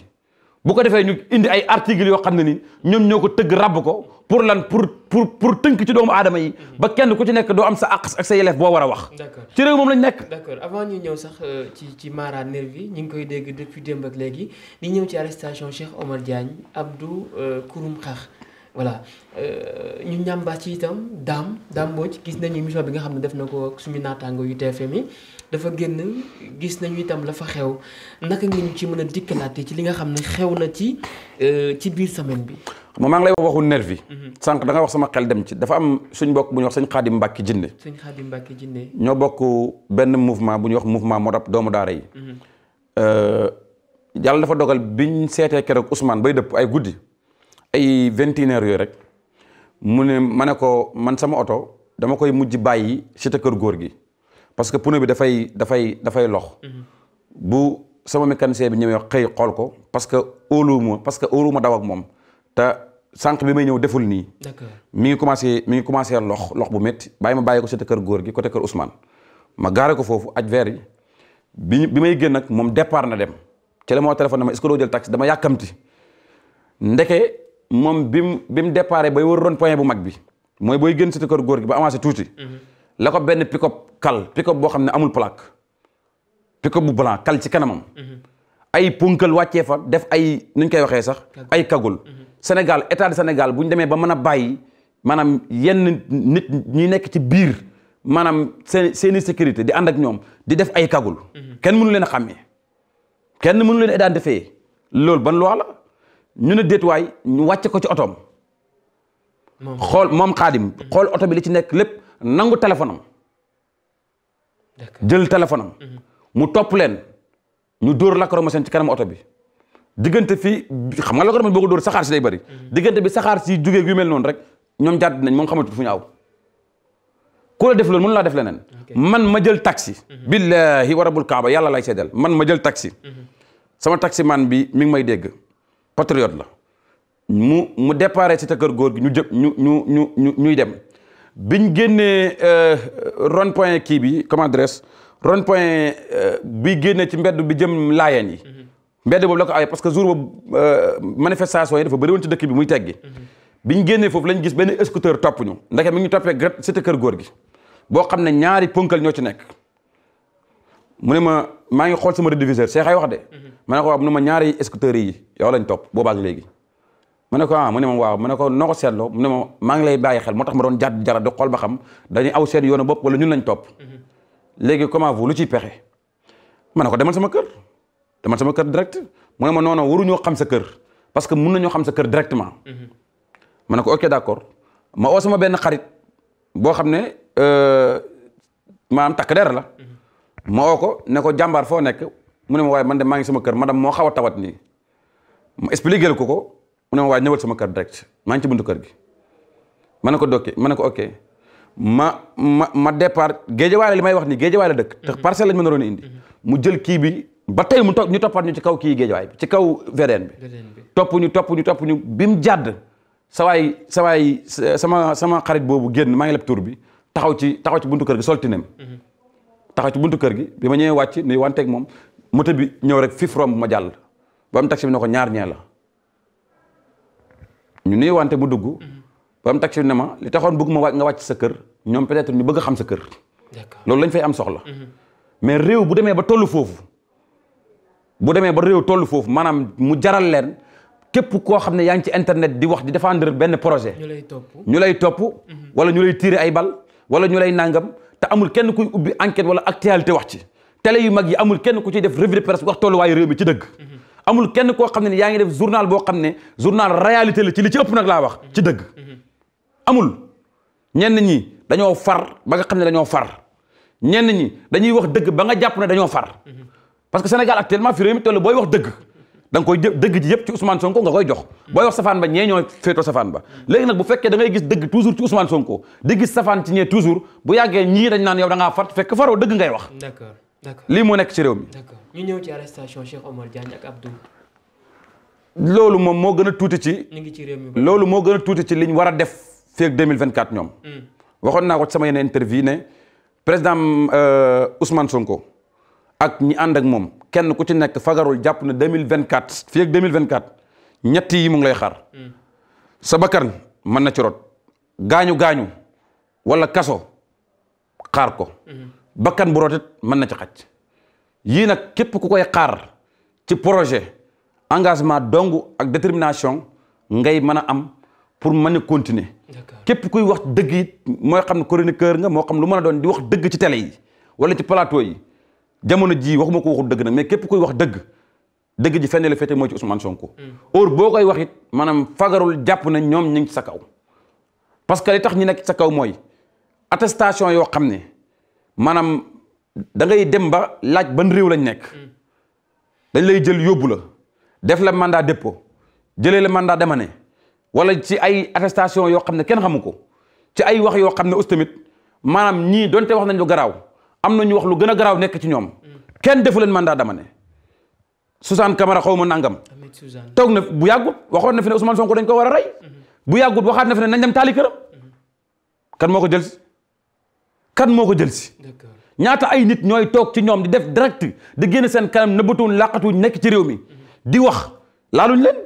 bu ko defee ñu indi ay articles yoo xam ne ni ñoom ñoo ko tëgg ràbb ko pour lan pour pour pour tënk ci doomu aadama yi. ba kenn ku ci nekk doo am sa àq ak sa yelef boo war a wax. ci réew moom lañ nekk.
d'accord avant ñu ñëw sax euh, ci ci Mara Nervi ñi ngi koy dégg depuis démb ak léegi di ñëw ci arrestation Cheikh Omar Diagne Abdou euh, Kurum Xax voilà euh, ñu ñàmba ci itam daam daam boo ci gis nañu émission bi nga xam ne def na ko suñu naataango yu TFM yi dafa génn gis nañu itam la fa xew naka nga ñu ci mën a dikkalaate ci li nga xam ne xew na ci euh, ci biir semaine bi.
moom maa ngi lay waxu nervi mhm. sànq da nga wax sama xel dem ci dafa am suñ bokk bu ñuy wax sëñ Xaadim Mbàkke Jinne.
sëñ Xaadim Mbàkke Jinne.
ñoo bokk benn mouvement bu ñuy wax mouvement moo rab doomu daara yi. Mhm. Euh, yàlla dafa dogal biñ seetee keroog Ousmane bay dëpp ay guddi ay vingt et yooyu rek mu ne ma ne ko man sama oto dama koy mujj bàyyi cité kër góor gi. parce que pneu bi dafay dafay dafay lox mhm. bu sama mécanicien bi ñëwee xëy xool ko parce que óoluwuma parce que óoluwuma daw ak moom te sànq bi may ñëw deful nii mi ngi commencé mi ngi commencé lox lox bu métti bàyyi ma bàyyi ko côté kër góor gi côté kër Ousmane ma gaare ko foofu aj verre bi bi may génn nag moom départ na dem ci la moo téléphone dama est-ce que doo jël dama yàkkamti ndeke moom bi mu bi mu départ bay war rond point bu mag bi mooy booy génn ci kër góor gi ba avancé tuuti mhm. la benn pick-up kal pick boo xam ne amul plaque pick bu blanc kal ci kanamam. Mhm. ay ponkal wàccee fa def ay nuñ koy waxee sax. ay kagul. Mhm. Sénégal état de Sénégal bu ñu demee ba mën a bàyyi maanaam yenn nit ñi nekk ci biir maanaam seen seeni sécurité di ànd ak ñoom di def ay kagul. Mhm. kenn mënu leen a xàmmee kenn mënu leen a identifier loolu ban loi la ñu ne déetuwaay ñu wàcce ko ci otoom. xool moom xaadim xool oto bi li ci nekk lépp. nangu téléphone jël téléphone mu topp leen ñu dóor lacrymogène ci kanam oto bi diggante fii xam nga lacrymogène boo ko dóor saxaar si day bari mhm. diggante bi saxaar si jugee yu mel noonu rek ñoom jàdd nañ moom xamatul fu ñu aw ku la def loolu mënu laa def leneen man ma jël taxi mhm. billahi wa rabbul kaaba yàlla lay seddal man ma jël taxi mhm. sama taxi man bi mi ngi may dégg patriote la mu mu déparé ci ta kër góor gi ñu ñu ñu ñu ñu ñuy dem biñ génnee euh, rond point kii bi comment dirais rond point euh, bi génnee ci mbedd bi jëm laayeen yi mhm. mbedd boobu la ko awee parce que jour boobu euh, manifestation yi dafa bëri woon ci dëkk bi muy teggi mhm. biñ génnee foofu lañ gis benn scooter topp ñu ndeke mi ngi toppee grat cité kër góor gi boo xam ne ñaari ponkal ñoo ci nekk mu ne ma maa ngi xool sama rediviseur Cheikh ay wax de mhm. ma ne ko ma ñaari scooter yi yow lañ topp boobaak léegi mu ne ko ah mu ne ma waaw mu ne ko noo ko seetloo mu ne ma maa ngi lay bàyyi xel moo tax ma doon jàdd jara di xool ba xam dañuy aw seen yoonu bopp wala ñun lañ topp mm-hmm. léegi comment vous lu ciy pexe ma ne ko demal sama kër demal sama kër direct mu ne ma noono waruñoo xam sa kër parce que mun nañoo xam sa kër directement mm-hmm. ma ne ko ok d'accord ma oo sama benn xarit boo xam ne euh, maanaam takk der la mm-hmm. ma oo ko ne ko jàmbaar foo nekk mu ne ma waaye man de maa ngi sama kër madame moo xaw a tawat nii ma expliqué ko ko mu ne ma waaj ñëwal sama kër direct maa ngi kër gi ma ne ko dokke ma ne ko ok ma ma ma départ géejewaay la li may wax ni géejewaay la dëkk mhm. te parcelle lañu ma ne naroon indi mhm. mu jël kii bi ba tey mu topp ñu toppaat ñu ci kaw kii géejewaay bi ci kaw VDN bi toppu ñu topp ñu topp ñu bi mu jàdd sawaay sawaay sama sama xarit boobu génn maa ngi leb tuur bi taxaw ci taxaw ci buntu kër gi soltinem mhm. taxaw ci buntu kër gi bi ma ñëwee wàcc nuy wanteeg moom moto bi ñëw rek fif romb ma jàll ba mu taxi bi ne ko ñaar ñee ñu nuy wante mu dugg. Mhm. ba mu taxi na ma li taxoon bëgg ma wàcc nga wàcc sa kër ñoom peut-être ñu bëgg xam sa kër. loolu lañ fay am soxla. Mhm. mais réew bu demee ba tollu foofu. bu demee ba réew tollu foofu maanaam mu jaral leen képp koo xam ne yaa ngi ci internet di wax di défendre benn projet. ñu lay topp ñu lay topp. Mhm. wala ñu lay tiire ay bal wala ñu lay nangam te amul kenn kuy ubbi enquête wala actualité wax ci. télé yu mag yi amul kenn ku ci def revue de wax tolluwaayu réew mi ci dëgg. amul kenn koo xam ne yaa ngi def journal boo xam ne journal réalité la ci li ci ëpp nag laa wax ci dëgg amul ñenn ñi dañoo far ba nga xam ne dañoo far ñenn ñi dañuy wax dëgg ba nga jàpp ne dañoo far parce que Sénégal actuellement fi réew mi toll booy wax dëgg da nga koy dëgg ji yëpp ci Ousmane Sonko nga koy jox booy wax safaan ba ñee ñoo féetoo safaan ba léegi nag bu fekkee da ngay gis dëgg toujours ci Ousmane Sonko di gis safaan ci ñee toujours bu yàggee ñii dañ naan yow da ngaa far fekk faroo dëgg ngay wax d'accord lii moo nekk ci réew mi.
ñu ñëw ci arrestation Cheikh Omar Diagne
loolu moom moo gën a tuuti ci. ñu ngi ci réew mi loolu moo gën a tuuti ci liñ war a def feeg 2024 ñoom. Hmm. waxoon naa ko ci sama yeneen interview ne président euh, Ousmane Sonko ak ñi ànd ak moom kenn ku ci nekk fagarul jàpp na mille fi 2024 feeg 2024 ñett yi mu ngi lay xaar. Hmm. sa bakkan mën na ci rot gaañu gaañu walla kaso xaar ko. Hmm. bakkan bu rootit mën na ci xaj yii nag képp ku koy xaar ci projet engagement dong ak détermination ngay mën a am pour mën a continuer képp kuy wax dëgg it mooy xam ne chroniqueur nga moo xam lu mën a doon di wax dëgg ci télé yi wala ci plateau yi jamono jii waxuma ko waxul dëgg nag mais képp kuy wax dëgg dëgg ji fenn la féete mooy ci Ousmane Sonko. Hmm. or boo koy wax it maanaam fagarul jàpp na ñoom ñu ngi ci sa kaw parce que li tax ñu nekk ci sa kaw mooy attestation yoo xam ne maanaam da ngay dem ba laaj ban réew lañ nekk dañ lay jël yóbbu la def la mandaa dépôt jëlee la mandat d'amener wala ci ay attestation yoo xam ne kenn xamu ko ci ay wax yoo xam ne aussi tamit maanaam ñii donte wax nañ lu garaaw am na ñu wax lu gën a garaaw nekk ci ñoom kenn defu leen mandat d'amener Suzanne Camara xaw ma nangam toog na bu yàggut waxoon na fi ne Ousmane Sonko dañ ko war a rey mhm. bu yàggut waxaat na fi ne nañ dem taali këram mhm. kan moo ko jël si kan moo ko jël si ñaata ay nit ñooy toog ci ñoom di def direct di génn seen kanam nëbbatuñ làqatuñ nekk ci réew mi di wax laaluñ leen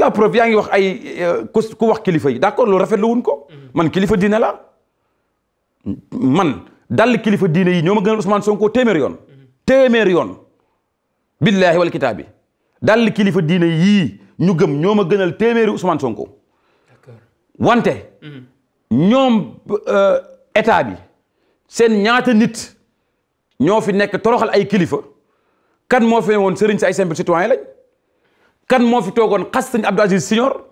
la preuve yaa ngi wax ay euh, ku wax kilifa yi d'accord loolu rafetlu wuñ ko mm-hmm. man kilifa diine la man dal kilifa diine yi ñoo ma gënal Ousmane Sonko téeméer yoon mm-hmm. téeméer yoon billaahi wal kitaabi dal kilifa diine yii ñu gëm ñoo ma gënal téeméeri Ousmane Sonko wante mm-hmm. ñoom euh, état bi seen ñaata nit ñoo fi nekk toroxal ay kilifa kan moo fi woon sëriñ si ay simple citoyen lañ kan moo fi toogoon xas sëñ Abdou Aziz Senior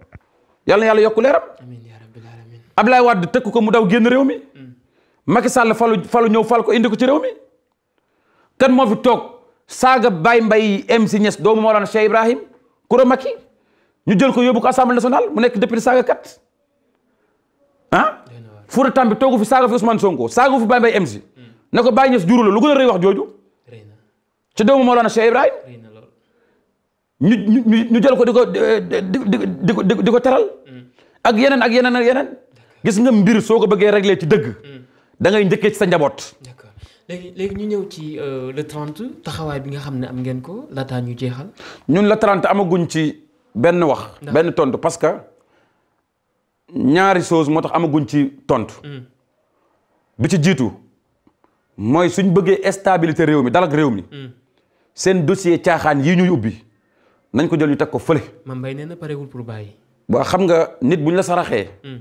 yàlla na yàlla yokk leeram Abdoulaye Wade tëkk ko mu daw génn réew mi mm. Macky sàll falu falu ñëw fal ko indi ko ci réew mi kan moo fi toog saaga Baye Mbaye MC Niass doomu Mawlana Cheikh Ibrahim Koura Macky ñu jël ko yóbbu ko assemblée nationale mu nekk député saaga kat Fuuta Tampi toogu fi saaga fi Ousmane Sonko saaga fi Baye Mbaye si mm. na ko Baye Niass juru la lu gën a rëy wax jooju ci doomu Mawlana Cheikh Ibrahim ñu ñu ñu jël ko di ko di di ko teral mm. ak yeneen ak yeneen ak yeneen gis nga mbir soo ko bëggee régler ci dëgg mm. da ngay njëkkee ci sa njaboot.
léegi léegi ñu ñëw ci euh, le 30 taxawaay bi nga xam ne am ngeen ko laataa ñu jeexal.
ñun le 30 amaguñ ci benn wax. benn tontu parce que. ñaari chose moo tax amaguñ ci tontu. Mm. bi ci jiitu mooy suñ bëggee stabilité réew mi dalak réew mi. Mm. seen dossier caaxaan yii ñuy ubbi nañ ko jël ñu teg ko fële.
man mbay nee na parewul pour bàyyi.
waaw xam nga nit bu buñ la saraxee. Mm.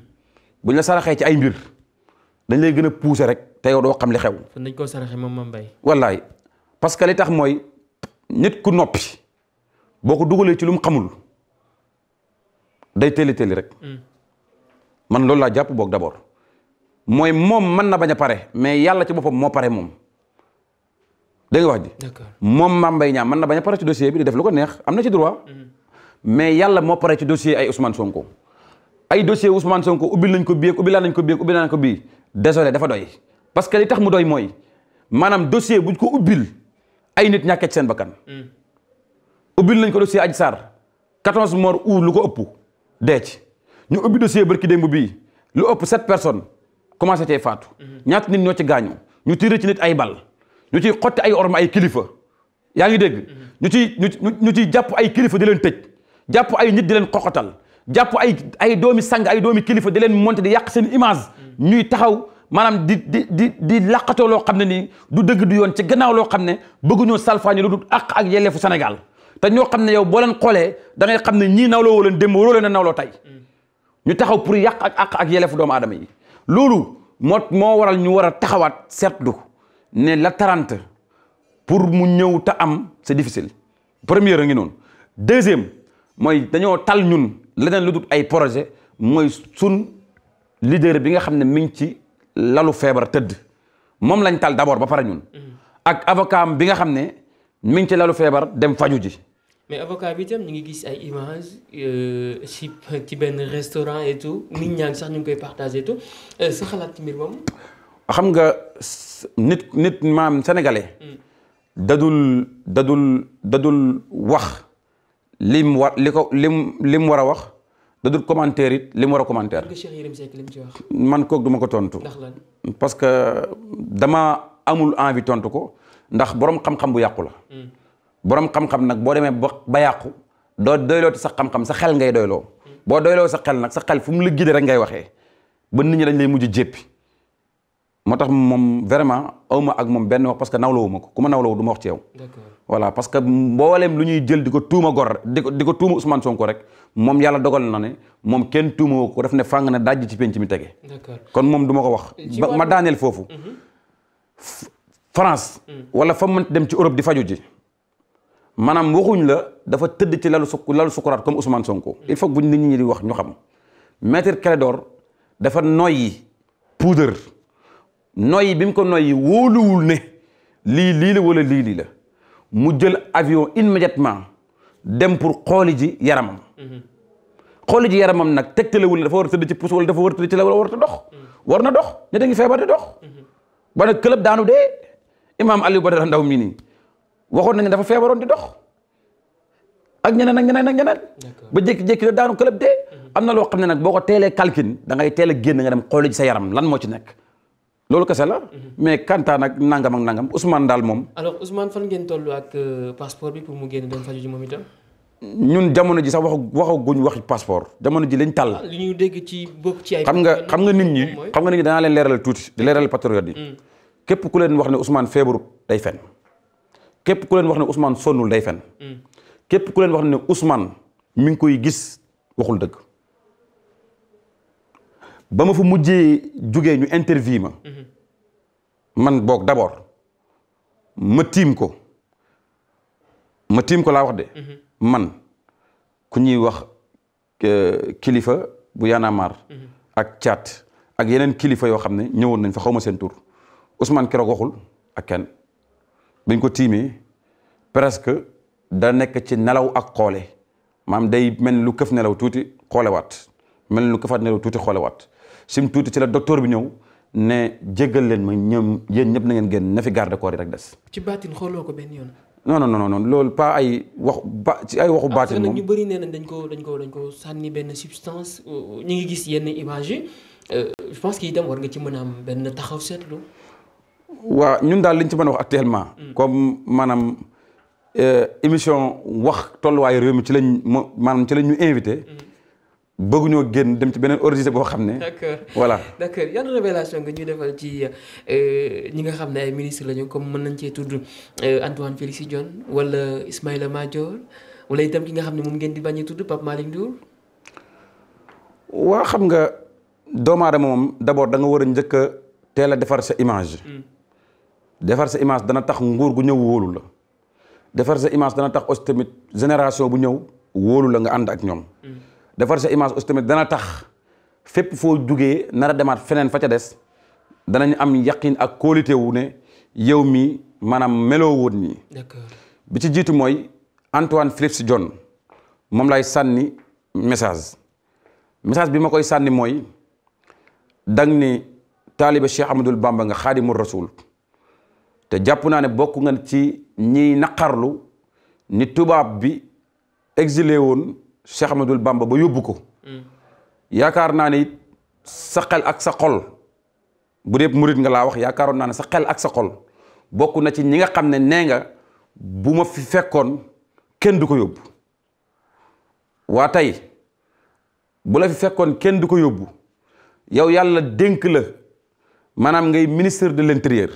buñ la saraxee ci ay mbir dañ lay gën a rek te yow doo xam li xew.
fan dañ koo saraxee moom man mbay.
wallaay parce que li tax mooy nit ku noppi boo ko dugalee ci lu mu xamul day tëli tëli rek. man loolu laa jàpp boog d'abord mooy moom mën na bañ a pare mais yàlla ci boppam moo pare moom dégg nga wax ji. moom Mame Mbaye Niang mën na bañ a pare ci dossier bi di def lu ko neex am na ci droit. Mhm. mais yàlla moo pare ci dossier ay Ousmane Sonko. ay dossier Ousmane Sonko ubbil nañ ko bii ubbil nañ ko bii ubbil nañ ko bii désolé dafa doy parce que li tax mu doy mooy maanaam dossier buñ ko ubbil ay nit ñàkkee ci seen bakkan. Mhm. ubbil nañ ko dossier Adji Sarr 14 morts ou lu ko ëpp dee ci ñu ubbi dossier barki démb bii lu ëpp sept personnes commencé tey faatu ñaata nit ñoo ci gaañu ñu tiire ci nit ay bal ñu ciy xotti ay orma ay kilifa yaa ngi dégg ñu ciy ñu ciy jàpp ay kilifa di leen tëj jàpp ay nit di leen xoxatal jàpp ay ay doomi sang ay doomi kilifa di leen monté di yàq seen image ñuy taxaw maanaam di di di di làqatoo loo xam ne nii du dëgg du yoon ci gannaaw loo xam ne bëgguñoo salfaañu lu dul àq ak yelleefu Sénégal te ñoo xam ne yow boo leen xoolee da xam ne ñii nawloo woo leen démb waroo leen tey ñu taxaw pour yàq ak àq ak yelefu doomu aadama yi loolu moo moo waral ñu war a taxawaat seetlu ne la tarante pour mu ñëw te am c'est difficile première a ngi noonu deuxième mooy dañoo tal ñun leneen lu dul ay projet mooy sun leader bi nga xam ne mi ngi ci lalu feebar tëdd moom lañ tal d'abord ba pare ñun mm. ak avocat bi nga xam ne mi ngi ci lalu feebar dem faju
mais avocat bi tam ñu ngi gis ay image euh, ci ci benn restaurant et tout nit sax ñu ngi koy partagé et tout euh, sa xalaat ci mbir moom.
xam nga nit nit maam sénégalais. Hmm. dadul dadul dadul wax lim war li ko lim lim war a wax dadul commentaire it lim war a commentaire. man kook duma ko tontu. parce que dama amul envie tontu ko ndax borom xam-xam bu yàqu la. Hmm. borom xam nag boo demee ba yàqu doo doyloo sax xam sa xel ngay doyloo boo doyloo sa xel nag sa xel fu mu la rek ngay waxee ba nit ñi dañ lay mujj jéppi moo tax moom vraiment awma ak moom benn wax parce que nawlawuma ko ku ma nawlawu du ma wax ci yow voilà parce que mbooleem lu ñuy jël di ko tuuma gor di ko di ko tuuma Ousmane Sonko rek moom yàlla dogal na ne moom kenn tuuma ko def ne fàng na dajj ci penc mi tege kon moom duma ko wax ma daaneel foofu mhm. France mhm. wala fa mën dem ci Europe di faju ji maanaam waxuñ la dafa tëdd ci lalu su lalu sukuraat comme Ousmane Sonko il faut buñ nit ñi di wax ñu xam maître Clédor dafa noyyi poudre noyyi bi mu ko noyyi wóoluwul ne lii lii la wala lii lii la mu jël avion immédiatement dem pour xooli ji yaramam xooli ji yaramam nag tegtalewul ne dafa war a tëdd ci pousse wala dafa war tëdd ci la wala war a dox war na dox ñe da ngi feebar di dox mhm. ba nag club daanu dee imaam Aliou Badara Ndaw mii waxoon nañu dafa feebaroon di dox ak ñeneen ak ñeneen ak ñeneen. ba jékki-jékki la daanu club de mm-hmm. am na loo xam ne nag boo ko teelee calcul da ngay teel a génn nga dem xooli ci sa yaram lan moo ci nekk. loolu kese la. Mm-hmm. mais Kanta nag nangam ak nangam Ousmane daal moom.
alors Ousmane fan ngeen toll ak euh, passeport bi pour mu génn dem faju ji moom itam.
ñun jamono ji sax wax waxaguñ waxi passeport jamono ji lañ tàll. Ah,
li ñu dégg ci bokk ci xam nga
xam nga nit ñi xam nga nit ñi danaa leen leeral tuuti di leeral patriote yi. Mm. képp ku leen wax ne Ousmane feebaru day fen képp ku leen wax ne Ousmane sonul day fen mm. képp ku leen wax ne Ousmane mi ngi koy gis waxul dëgg ba ma fa mujjee jugee ñu interview ma mm-hmm. man boog d'abord ma tiim ko ma tiim ko laa wax de mm-hmm. man ku ñuy wax kilifa bu yaanaamaar mm-hmm. ak caat ak yeneen kilifa yoo xam ne ñëwoon nañ fa xaw ma seen tur Ousmane keroog waxul ak kenn buñ ko tiimee presque da nekk ci nelaw ak xoole maam day mel ni lu këf nelaw tuuti xoolewaat mel ni lu këfaat nelaw tuuti xoolewaat sim tuuti ci la docteur bi ñëw ne jéggal leen ma ñoom yéen ñëpp na ngeen génn na fi garde corps yi rek des.
ci baatin xooloo ko benn yoon.
non non non non loolu pas ay ba ci waxu baatin moom ñu
bëri nee nañ dañ ko dañ ko dañ ko sànni benn substance euh, ñu ngi gis yenn image yi euh, je pense que itam war nga ci mën a benn taxaw seetlu.
waaw ñun daal liñ ci mën wax actuellement. Mm. comme maanaam euh, émission wax tolluwaayu réew mi ci lañ mo maanaam ci lañ ñu invité. Mm. bëgguñoo génn dem ci beneen origine boo xam ne.
d'accord voilà d'accord yan révélation nga ñu defal ci euh, ñi nga xam ne ay ministre lañu comme mën nañ cee tudd euh, Antoine Félix Diome wala Ismaïla Madior wala itam ki nga xam ne moom ngeen di bañ a tudd Pape Malick
waa xam nga doomu aadama moom d'abord da nga war a njëkk a teel a defar sa image. Mm. defar sa image dana tax nguur gu ñëw wóolu la defar sa image dana tax aussi tamit génération bu ñëw wóolu la nga ànd ak ñoom defar sa image aussi tamit dana tax fépp foo jugee nar a demaat feneen fa ca des danañ am yaqin ak kóolite wu ne yow mi maanaam meloo woon nii bi ci jiitu mooy Antoine si John moom lay sànni message message bi ma koy sànni mooy dang ni taaliba Cheikh Ahmadul Bamba nga xaadimul rasul te jàpp naa ne bokk nga ci ñiy naqarlu ni tubaab bi exilé woon Cheikh Ahmadou Bamba ba yóbbu ko yaakaar naa ne it sa xel ak sa xol bu dee murit nga laa wax yaakaaroon naa ne sa xel ak sa xol bokku na ci ñi nga xam ne nee nga bu ma fi fekkoon kenn du ko yóbbu waa tey bu la fi fekkoon kenn du ko yóbbu yow yàlla dénk la maanaam ngay ministre de l'intérieur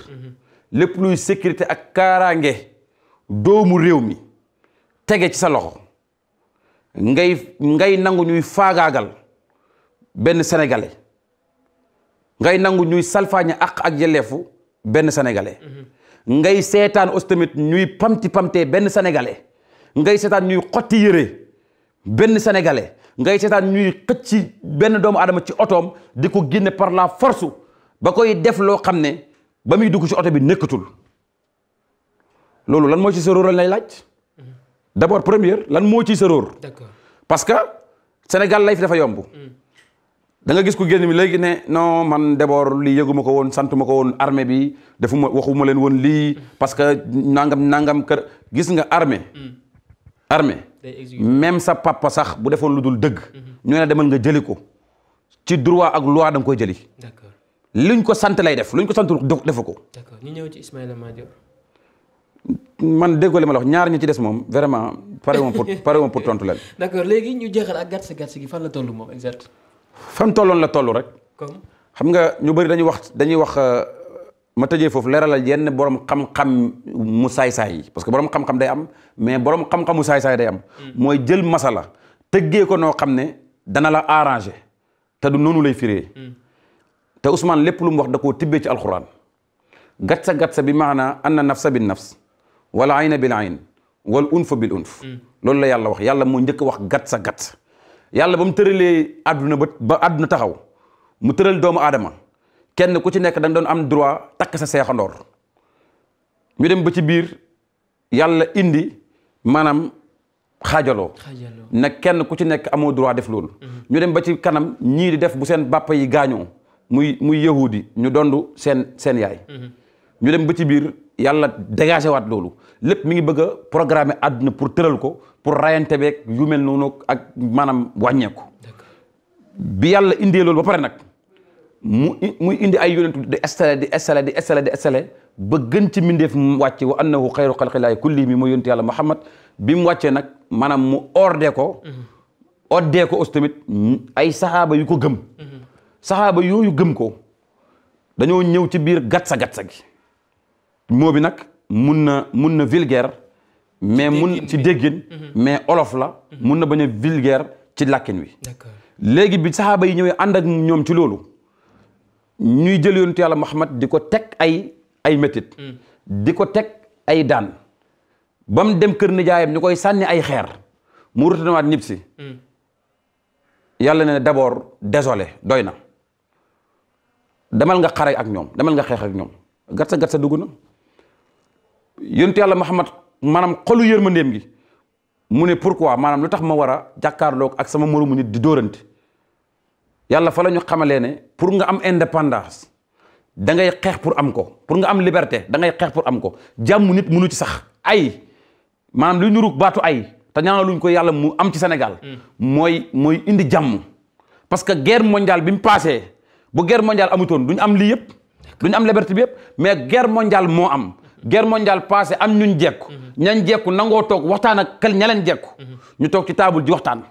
lépp luy sécurité ak kaaraange doomu réew mi tege ci sa loxo ngay ngay nangu ñuy faagaagal benn sénégalais ngay nangu ñuy salfaañ àq ak yelleefu benn sénégalais mm-hmm. ngay seetaan aussi tamit ñuy pamti pamtee benn sénégalais ngay seetaan ñuy xotti yére benn sénégalais ngay seetaan ñuy xëcc benn doomu adama ci otoom di ko génne par la force ba koy def loo xam ne ba muy dugg ci oto bi nekkatul loolu lan moo ci sa rôle lay laaj mm-hmm. d'abord première lan moo ci sa rôle. d'accord parce que Sénégal lay fi dafa yomb. Mm. da gis ku génn mi léegi ne non man d'abord lii yeguma ko woon santuma ko woon armée bi defuma waxuma leen woon lii mm. parce que nangam nangam kër gis nga armée mm. armée même sa papa sax bu defoon lu dul dëgg mm-hmm. ñu ne demal nga jëli ko ci droit ak lu da nga koy jëli luñ ko sant lay def luñ ko sant defu ko.
d'accord ñu ñëw ci Ismaïla
man déggoo li ma la wax ñaar ñi ci des moom vraiment pare woon pour <laughs> pare woon pour tontu
léegi ñu jeexal ak gàtt gàtt gi fan la toll moom exact.
fan tolloon la toll rek. xam nga ñu bëri dañuy wax dañuy wax euh, ma tëjee foofu leeralal yenn borom xam-xam mu saay-saay yi parce que borom xam-xam day am mais borom xam-xam mu saay-saay day am. Hmm. mooy jël masala tëggee ko noo xam ne dana la arranger te du noonu lay firee. Hmm. te Ousmane lépp lu mu wax da koo tibbee ci alxuraan gatsa sa bi maanaa anna nafsa bin nafs wal ayna bil ayn wal unfa bil unf mm. loolu la yàlla wax yàlla moo njëkk wax sa gatsa yàlla ba mu tëralee àdduna ba ba àdduna taxaw mu tëral doomu aadama kenn ku ci nekk da doon am droit takk sa seexandoor ñu dem ba ci biir yàlla indi maanaam xaajaloo na kenn ku ci nekk amoo droit def loolu mm-hmm. ñu dem ba ci kanam ñii di def bu seen bàppa yi gaañoo muy muy yahudi ñu dondu seen seen yaay. ñu dem ba ci biir yàlla dégagé waat loolu lépp mu ngi bëgg a programmer àdduna pour tëral ko pour rayante beeg yu mel noonu ak maanaam wàññeeku. bi yàlla india loolu ba pare nag mu muy indi ay yonentu di installé di installé di installé ba gën ci mindeef mu wàcce wa annahu xayru xalqillaahi kulli mi mooy yonentu yàlla Muhammad bi mu wàccee nag maanaam mu ordee ko. Mm-hmm. ordee tamit ay saxaaba yu ko gëm. Mm-hmm. saxaaba yooyu gëm ko dañoo ñëw ci biir gatsa gatsa gi moo bi nag mun na mun na vulgaire mais mun ci déggin mhm. mais olof la mhm. mun na bañ a vulgaire ci làkkin wi léegi bi saxaaba yi ñëwee ànd ak ñoom ci loolu ñuy jël yonentu yàlla Muhammad di ko teg ay ay métit mm. di ko teg ay daan ba dem kër nijaayam ñu koy sànni ay xeer mu rutanawaat ñib si mm. yàlla ne d'abord désolé doy na demal nga xare ak ñoom demal nga xeex ak ñoom gatsa gatsa dugg na yonent yàlla Muhammad maanaam xolu yërmandeem gi mu ne pourquoi maanaam lu tax ma war a jàkkaarloog ak sama moromu nit di dóorante yàlla fa la ñu xamalee ne pour nga am indépendance da ngay xeex pour am ko pour nga am liberté da ngay xeex pour am ko jàmm nit mënu ci sax ay maanaam lu ñurug baatu ay te ñaanaluñ ko yàlla mu am ci Sénégal mm. mooy indi jàmm parce guerre mondiale bi mu bu guerre mondiale amutoon du am lii yëpp du ñu am liberté bi yëpp mais guerre moo am guerre mondiale passé am ñun jekku mhm. ñañ jekku nangoo toog waxtaan ak kal ña leen jekku mhm. ñu toog ci taabul ji waxtaan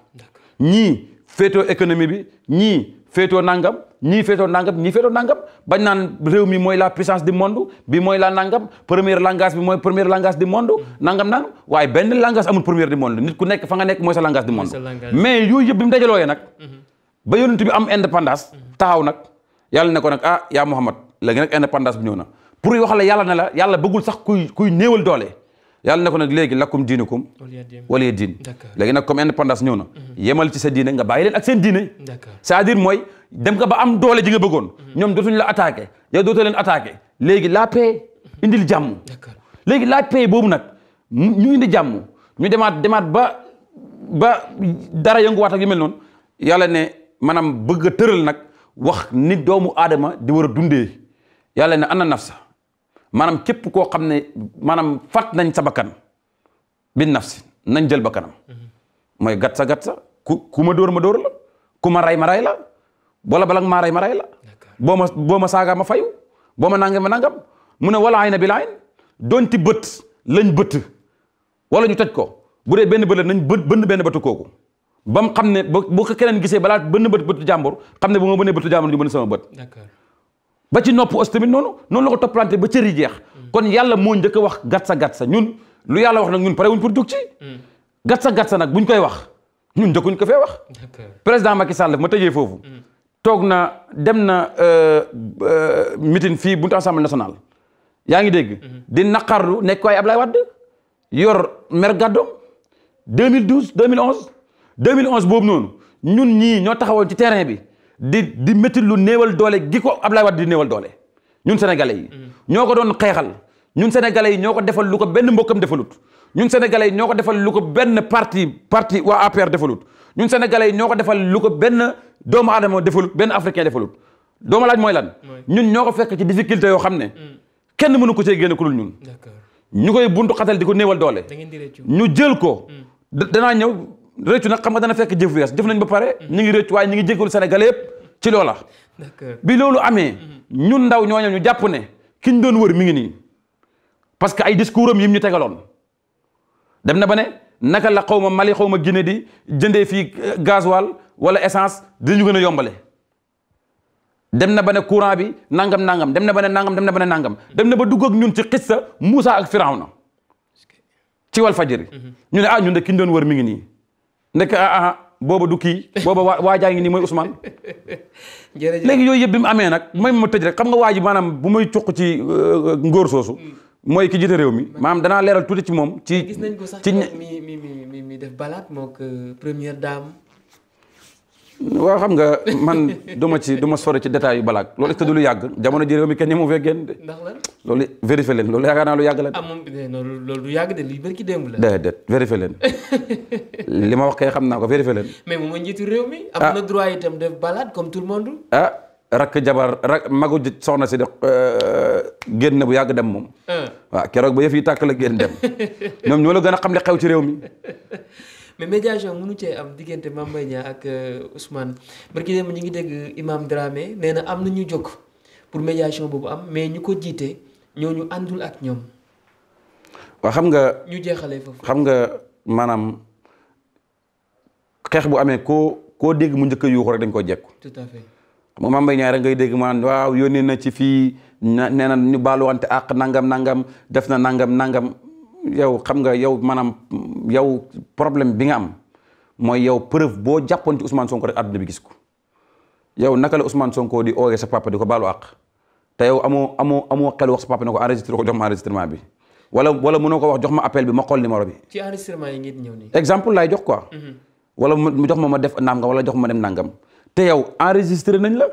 ñii féetoo économie bi ñii féetoo nangam ñii féetoo nangam ñii féetoo nangam bañ naan réew mi mooy la puissance du bi mooy la nangam première langage bi mooy première langage du monde mhm. nangam nangam waaye benn langage amul première du monde nit ku nekk fa nga nekk mooy sa langage du monde mais yëpp bi mu dajalooyee nag ba yonent bi am indépendance taxaw nag yàlla ne ko nag ah yaa Muhammad léegi nag indépendance bi ñëw na pour wax la yàlla ne la yàlla bëggul sax kuy kuy néewal doole yàlla ne ko nag léegi lakum diinukum waliya diin léegi nag comme indépendance ñëw na mhm. yemal ci sa diine nga bàyyi leen ak seen diine c'est-à-dire mooy dem ga ba am doole ji nga bëggoon mhm. ñoom dootuñu la attaqué yow dootoo leen attaqué léegi la paix mhm. indil jàmm léegi laa paix boobu nag ñu indi jàmm ñu demaat demaat ba ba dara yënguwaat ak yu mel noonu yàlla ne maanaam bëgg a tëral nag wax ni doomu aadama di war a dundee yàlla ne ana nafsa maanaam képp koo xam ne maanaam fat nañ sa bakkan bi nafsi nañ jël bakkanam mooy gat sa gat ku ku ma dóor ma dóor la ku ma ray ma ray la bala balang maa ma ray la boo ma boo ma saaga ma fayu boo ma nangam ma nangam mu ne wala ay na bi laayn doonti bët lañ bët wala ñu toj ko bu dee benn bët la nañ bët bënn benn bëtu kooku ba mu xam ne boo ko keneen gisee balaa bënn bët bëtu jàmbur xam ne bu ma bënee bëtu jàmbur ñu bën sama bët ba ci nopp aussi tamit noonu noonu la ko toppalante ba cër yi jeex hmm. kon yàlla moo njëkk a wax gatsa gatsa ñun lu yàlla wax nag ñun pare wuñ pour dugg ci hmm. gatsa gatsa nag buñ koy wax ñun njëkkuñ ko fee wax président Macky Sall ma tëjee foofu hmm. toog na dem na euh, euh, meeting fii buntu assemblée national yaa ngi dégg di naqarlu nekk waay Ablaye Wade yor mer gàddoom 2012 2011 2011 boobu noonu ñun ñii ñoo taxawoon ci terrain bi di di métti lu néewal doole gi ko Ablaye Wade di néewal doole ñun sénégalais yi. Mm. ñoo ko doon xeexal ñun sénégalais yi ñoo ko defal lu ko benn mbokkam defalut. ñun sénégalais yi ñoo ko defal lu ko benn parti parti waa APR defalut ñun sénégalais yi ñoo ko defal lu ko benn doomu aadama defalut benn africain defalut. dooma laaj mooy lan ñun ñoo ko fekk ci difficulté yoo xam ne mm. kenn mënu ko cee génne ku dul ñun ñu koy buntu xatal di ko néewal doole ñu jël ko mm. danaa rëccu nag xam nga dana fekk jëf wees jëf nañ ba pare ñu ngi rëccu waaye ñu ngi jégalu Sénégalais yëpp ci loola bi loolu amee mhm. ñun ndaw ñooñu ñu jàpp ne ki ñu doon wër mi ngi nii parce que ay discours am yim ñu tegaloon dem na ba ne naka la xaw ma Mali xaw ma Guinée di jëndee fii euh, gasoil wala essence dinañu gën a yombale dem na ba ne courant bi nangam nangam dem na ba ne nangam dem na ba ne nangam dem na ba dugg ak ñun ci xissa Moussa ak Firawna ci Walfadjri mhm. ñu ne ah ñun de ki ñu doon wër mi ngi nii nekk ah ah booba du kii booba waa waajaa ngi nii mooy Ousmane. <laughs> jërëjëf léegi yooyu yëpp bi mu amee nag mooy ma tëj rek xam nga waa ji maanaam bu muy cuq ci euh, ngóor soosu. Hmm. mooy ki jiite réew mi maanaam danaa leeral tuuti ci moom. ci ci gis
nañ ko sax mi mi mi mi def balaat moog euh, première dame.
waaw xam nga man du ma ci du ma sori ci détails yu balaag loolu est-ce lu yàgg jamono ji réew mi kenn ñi mu fee génn de. ndax leen loolu yaakaar naa lu yàgg la. ah
moom loolu du yàgg de li bëri ki démb la.
déedéet vérifié <laughs> li ma wax kay xam naa ko vérifié leen.
mais moom mooy njiitu réew mi. ah am na droit itam def balade comme tout le monde.
ah rakk jabar rak magu soxna si de euh, génn bu yàgg dem moom. Ah. waaw keroog ba yëf yi tàkk la génn dem
<laughs> ñoom
ñoo la gën xam li xew ci rew mi. <laughs> mais
médiation mënu cee am diggante Mame Mbaye Niang ak euh, Ousmane barki dem ñu ngi dégg Imam Dramé nee na am na ñu jóg pour médiation boobu am mais ñu ko jiite ñu àndul ak ñoom. waaw xam nga. ñu jeexalee foofu xam
nga maanaam xeex bu amee koo koo dégg mu njëkk a yuuxu rek dañ ko jekku. tout à fait. moom dégg ma waaw yónnee na ci fii nee na ñu baaluwante àq nangam nangam def na nangam nangam yow xam nga yow maanaam yow problème bi nga am mooy yaw preuve boo jàppoon ci Ousmane Sonko rek àdduna bi gis ko yow naka la usman Sonko di oogee sa papa di ko baalu àq te yow amoo amoo amoo xel wax sa papa ne ko enregistré ko jox ma enregistrement bi wala wala mënoo ko wax jox ma appel bi ma xool numéro bi.
ci enregistrement yi ngeen ñëw nii.
exemple laay jox quoi. Mhm. wala mu jox ma ma def nangam wala jox ma dem nangam te yow enregistré nañ la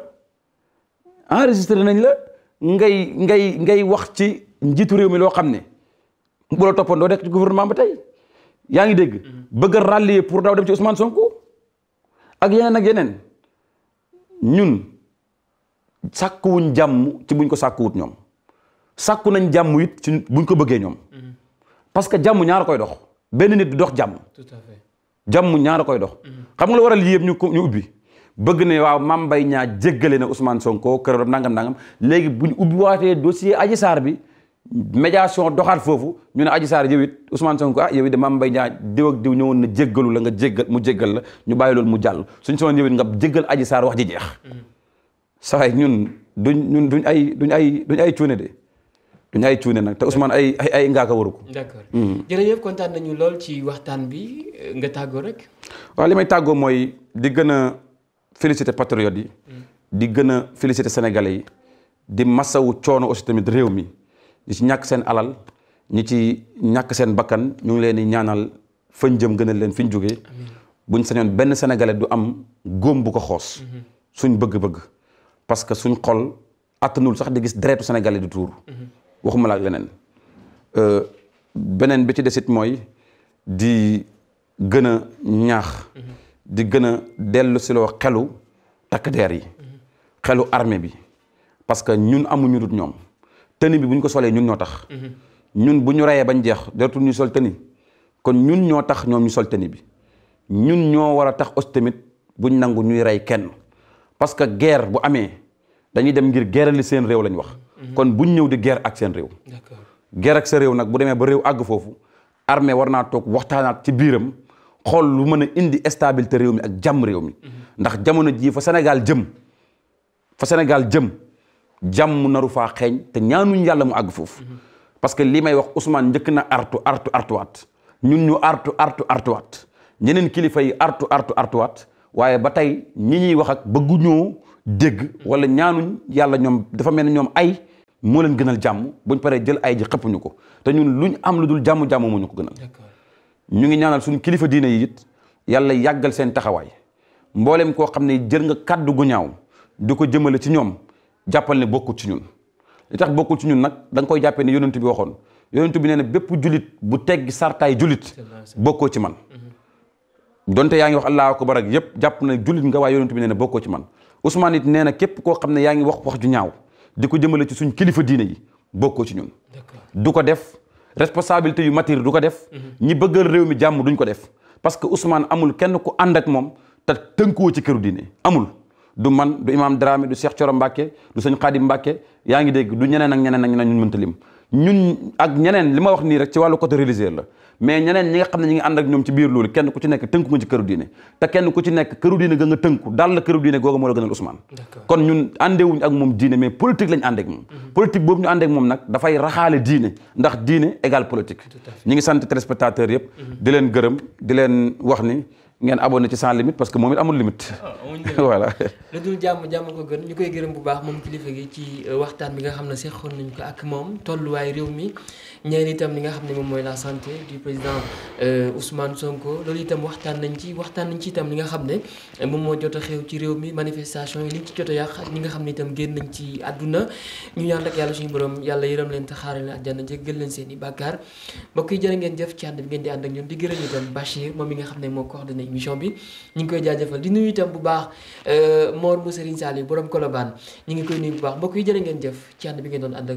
enregistré nañ la ngay ngay ngay wax ci njiitu réew mi loo xam ne. bu la toppandoo nekk ci gouvernement ba tey yaa ngi dégg. bëgg a rallier pour daw dem ci Ousmane Sonko ak yeneen ak yeneen ñun sàkkuwuñ jàmm ci buñ ko sàkkuwut ñoom sàkku nañ jàmm it ci buñ ko bëggee ñoom. parce que jàmm ñaar koy dox benn nit du dox jàmm. tout jàmm ñaar koy dox. Mm-hmm. xam nga lu waral lii yëpp ñu ñu ubbi. bëgg na waaw Mame Mbaye Niang jéggale na Ousmane Sonko kër nangam nangam léegi bu ñu ubbiwaatee dossier Adji saar bi médiation doxaat foofu ñu ne Adji Sarr yow it Ousmane Sonko ah yow it de Mame Mbaye diw ak ñëwoon na jéggalu la nga jéggal mu jéggal la ñu bàyyi loolu mu jàll suñ sonoon yow it nga jéggal Adji Sarr wax ji jeex saxay ñun duñ ñun duñ ay duñ ay ay cuune de duñ ay cuune nag te Ousmane ay ay ay ngaaka waru ko d'accord hmm.
jërëjëf kontaan nañu lool ci waxtaan bi nga tàggoo
rek waaw li may tàggoo mooy di gën a féliciter patriotes yi hmm. di gën a féliciter sénégalais yi di masawu coono aussi tamit réew mi ñi ci ñàkk seen alal ñi ci ñàkk seen bakkan ñu ngi leen di ñaanal fañ jëm gënal leen fi ñu jógee buñ sañoon benn sénégalais du am góom bu ko xoos mhm. suñ bëgg-bëgg parce que suñ xol attanul sax di gis deretu sénégalais du tuur mhm. waxuma laa leneen euh, beneen bi ci desit mooy di gën a ñaax mhm. di gën a dellu si loo xelu takk deer yi xelu armée bi parce que ñun amuñu dut ñoom tëni bi bu ñu ko solee ñun ñoo tax. Mhm. ñun bu ñu rayee bañ jeex dootul ñu sol tëni kon ñun ñoo tax ñoom ñu sol tëni bi ñun ñoo war a tax aussi tamit buñ nangu ñuy rey kenn parce que guerre bu amee dañuy dem ngir guerre seen réew lañ wax. Mhm. kon buñ ñëw di guerre ak seen réew. ger ak sa réew nag bu demee ba réew àgg foofu armée war naa toog waxtaanaat ci biiram xool lu mën a indi te réew mi ak jàmm réew mi. Mhm. ndax jamono jii fa Sénégal jëm fa Sénégal jëm. jàmm naru fa xeeñ te ñaanuñ yàlla mu àgg foofu parce que lii may wax Ousmane njëkk na artu artu artuwaat ñun ñu artu artu artuwaat ñeneen kilifa yi artu artu artuwaat waaye ba tey ñi ñuy wax ak bëgguñoo dégg wala ñaanuñ yàlla ñoom dafa mel ne ñoom ay moo leen gënal jàmm buñ paree jël ay ji xëppuñu ko te ñun lu ñu am lu dul jàmm jàmm moo ñu ko gënal ñu ngi ñaanal suñu kilifa diine yi yàlla yàggal seen taxawaay mboolem koo xam ne jël nga kàddu gu ñaaw di ko jëmale ci ñoom jàppal ne bokkul ci ñun li tax bokkul ci ñun nag da koy jàppee ne yonent bi waxoon yonent bi nee na bépp julit bu teggi sartaay julit bokkoo ci man
mm-hmm.
donte yaa ngi wax allahu akbar ak yëpp jàpp na julit nga waaye yonent bi nee na bokkoo ci man Ousmane it nee na képp koo xam ne yaa ngi wax wax ju ñaaw di ko jëmale ci suñ kilifa diine yi bokkoo ci ñun du ko def responsabilité yu matir du ko def mm-hmm. ñi bëggal réew mi jàmm duñ ko def parce que Ousmane amul kenn ku ànd ak moom te tënkuwoo ci këru diine amul du man du imam Dramé du Cheikh Thioro Mbacke du sëñ Khadim Mbacke yaa ngi dégg du ñeneen ak ñeneen ak ñeneen ñun mënta lim ñun ma wax nii rek ci wàllu côté religieux la mais ñeneen ñi nga xam ne ñi ngi ànd ak ñoom ci biir loolu kenn ku ci nekk tënku nga ci këru diine te kenn ku ci nekk këru diine ga nga tënku daal la këru diine googa moo la gënal Ousmane kon ñun àndewuñu ak moom diine mais politique lañ àndeek moom mhm. politique boobu ñu àndeek moom nag dafay raxaale diine ndax diine mhm. leen gërëm di leen wax ni ngeen abonné ci sans limite parce que moom it amul limite. Ah, <laughs> voilà.
lu <laughs> dul jàmm jàmm ko gën ñu koy gërëm bu baax moom kilifa gi ci euh, waxtaan bi nga xam ne seqoon nañ ko ak moom tolluwaay réew mi. ñeel itam li nga xam ne moom mooy la santé du président euh, Ousmane Sonko loolu itam waxtaan nañ ci waxtaan nañ ci itam li nga xam ne euh, moom moo jot a xew ci réew mi manifestation yi li jot a yàq nga xam ne itam génn nañ ci àdduna ñu ñaan rek yàlla suñu borom yàlla yërëm leen te xaaral leen àjjana jéggal leen seen i bàkkaar mbokk yi jërë ngeen jëf ci ànd bi ngeen di ànd ak ñun di gërëm itam Bachir moom mi ne moo coordonné émission koy jaajëfal di nuyu itam bu baax euh, Mor mu Serigne Saliou borom Colobane ñu ngi koy nuyu bu baax mbokk yi jërë ngeen jëf ci ànd bi ngeen doon ànd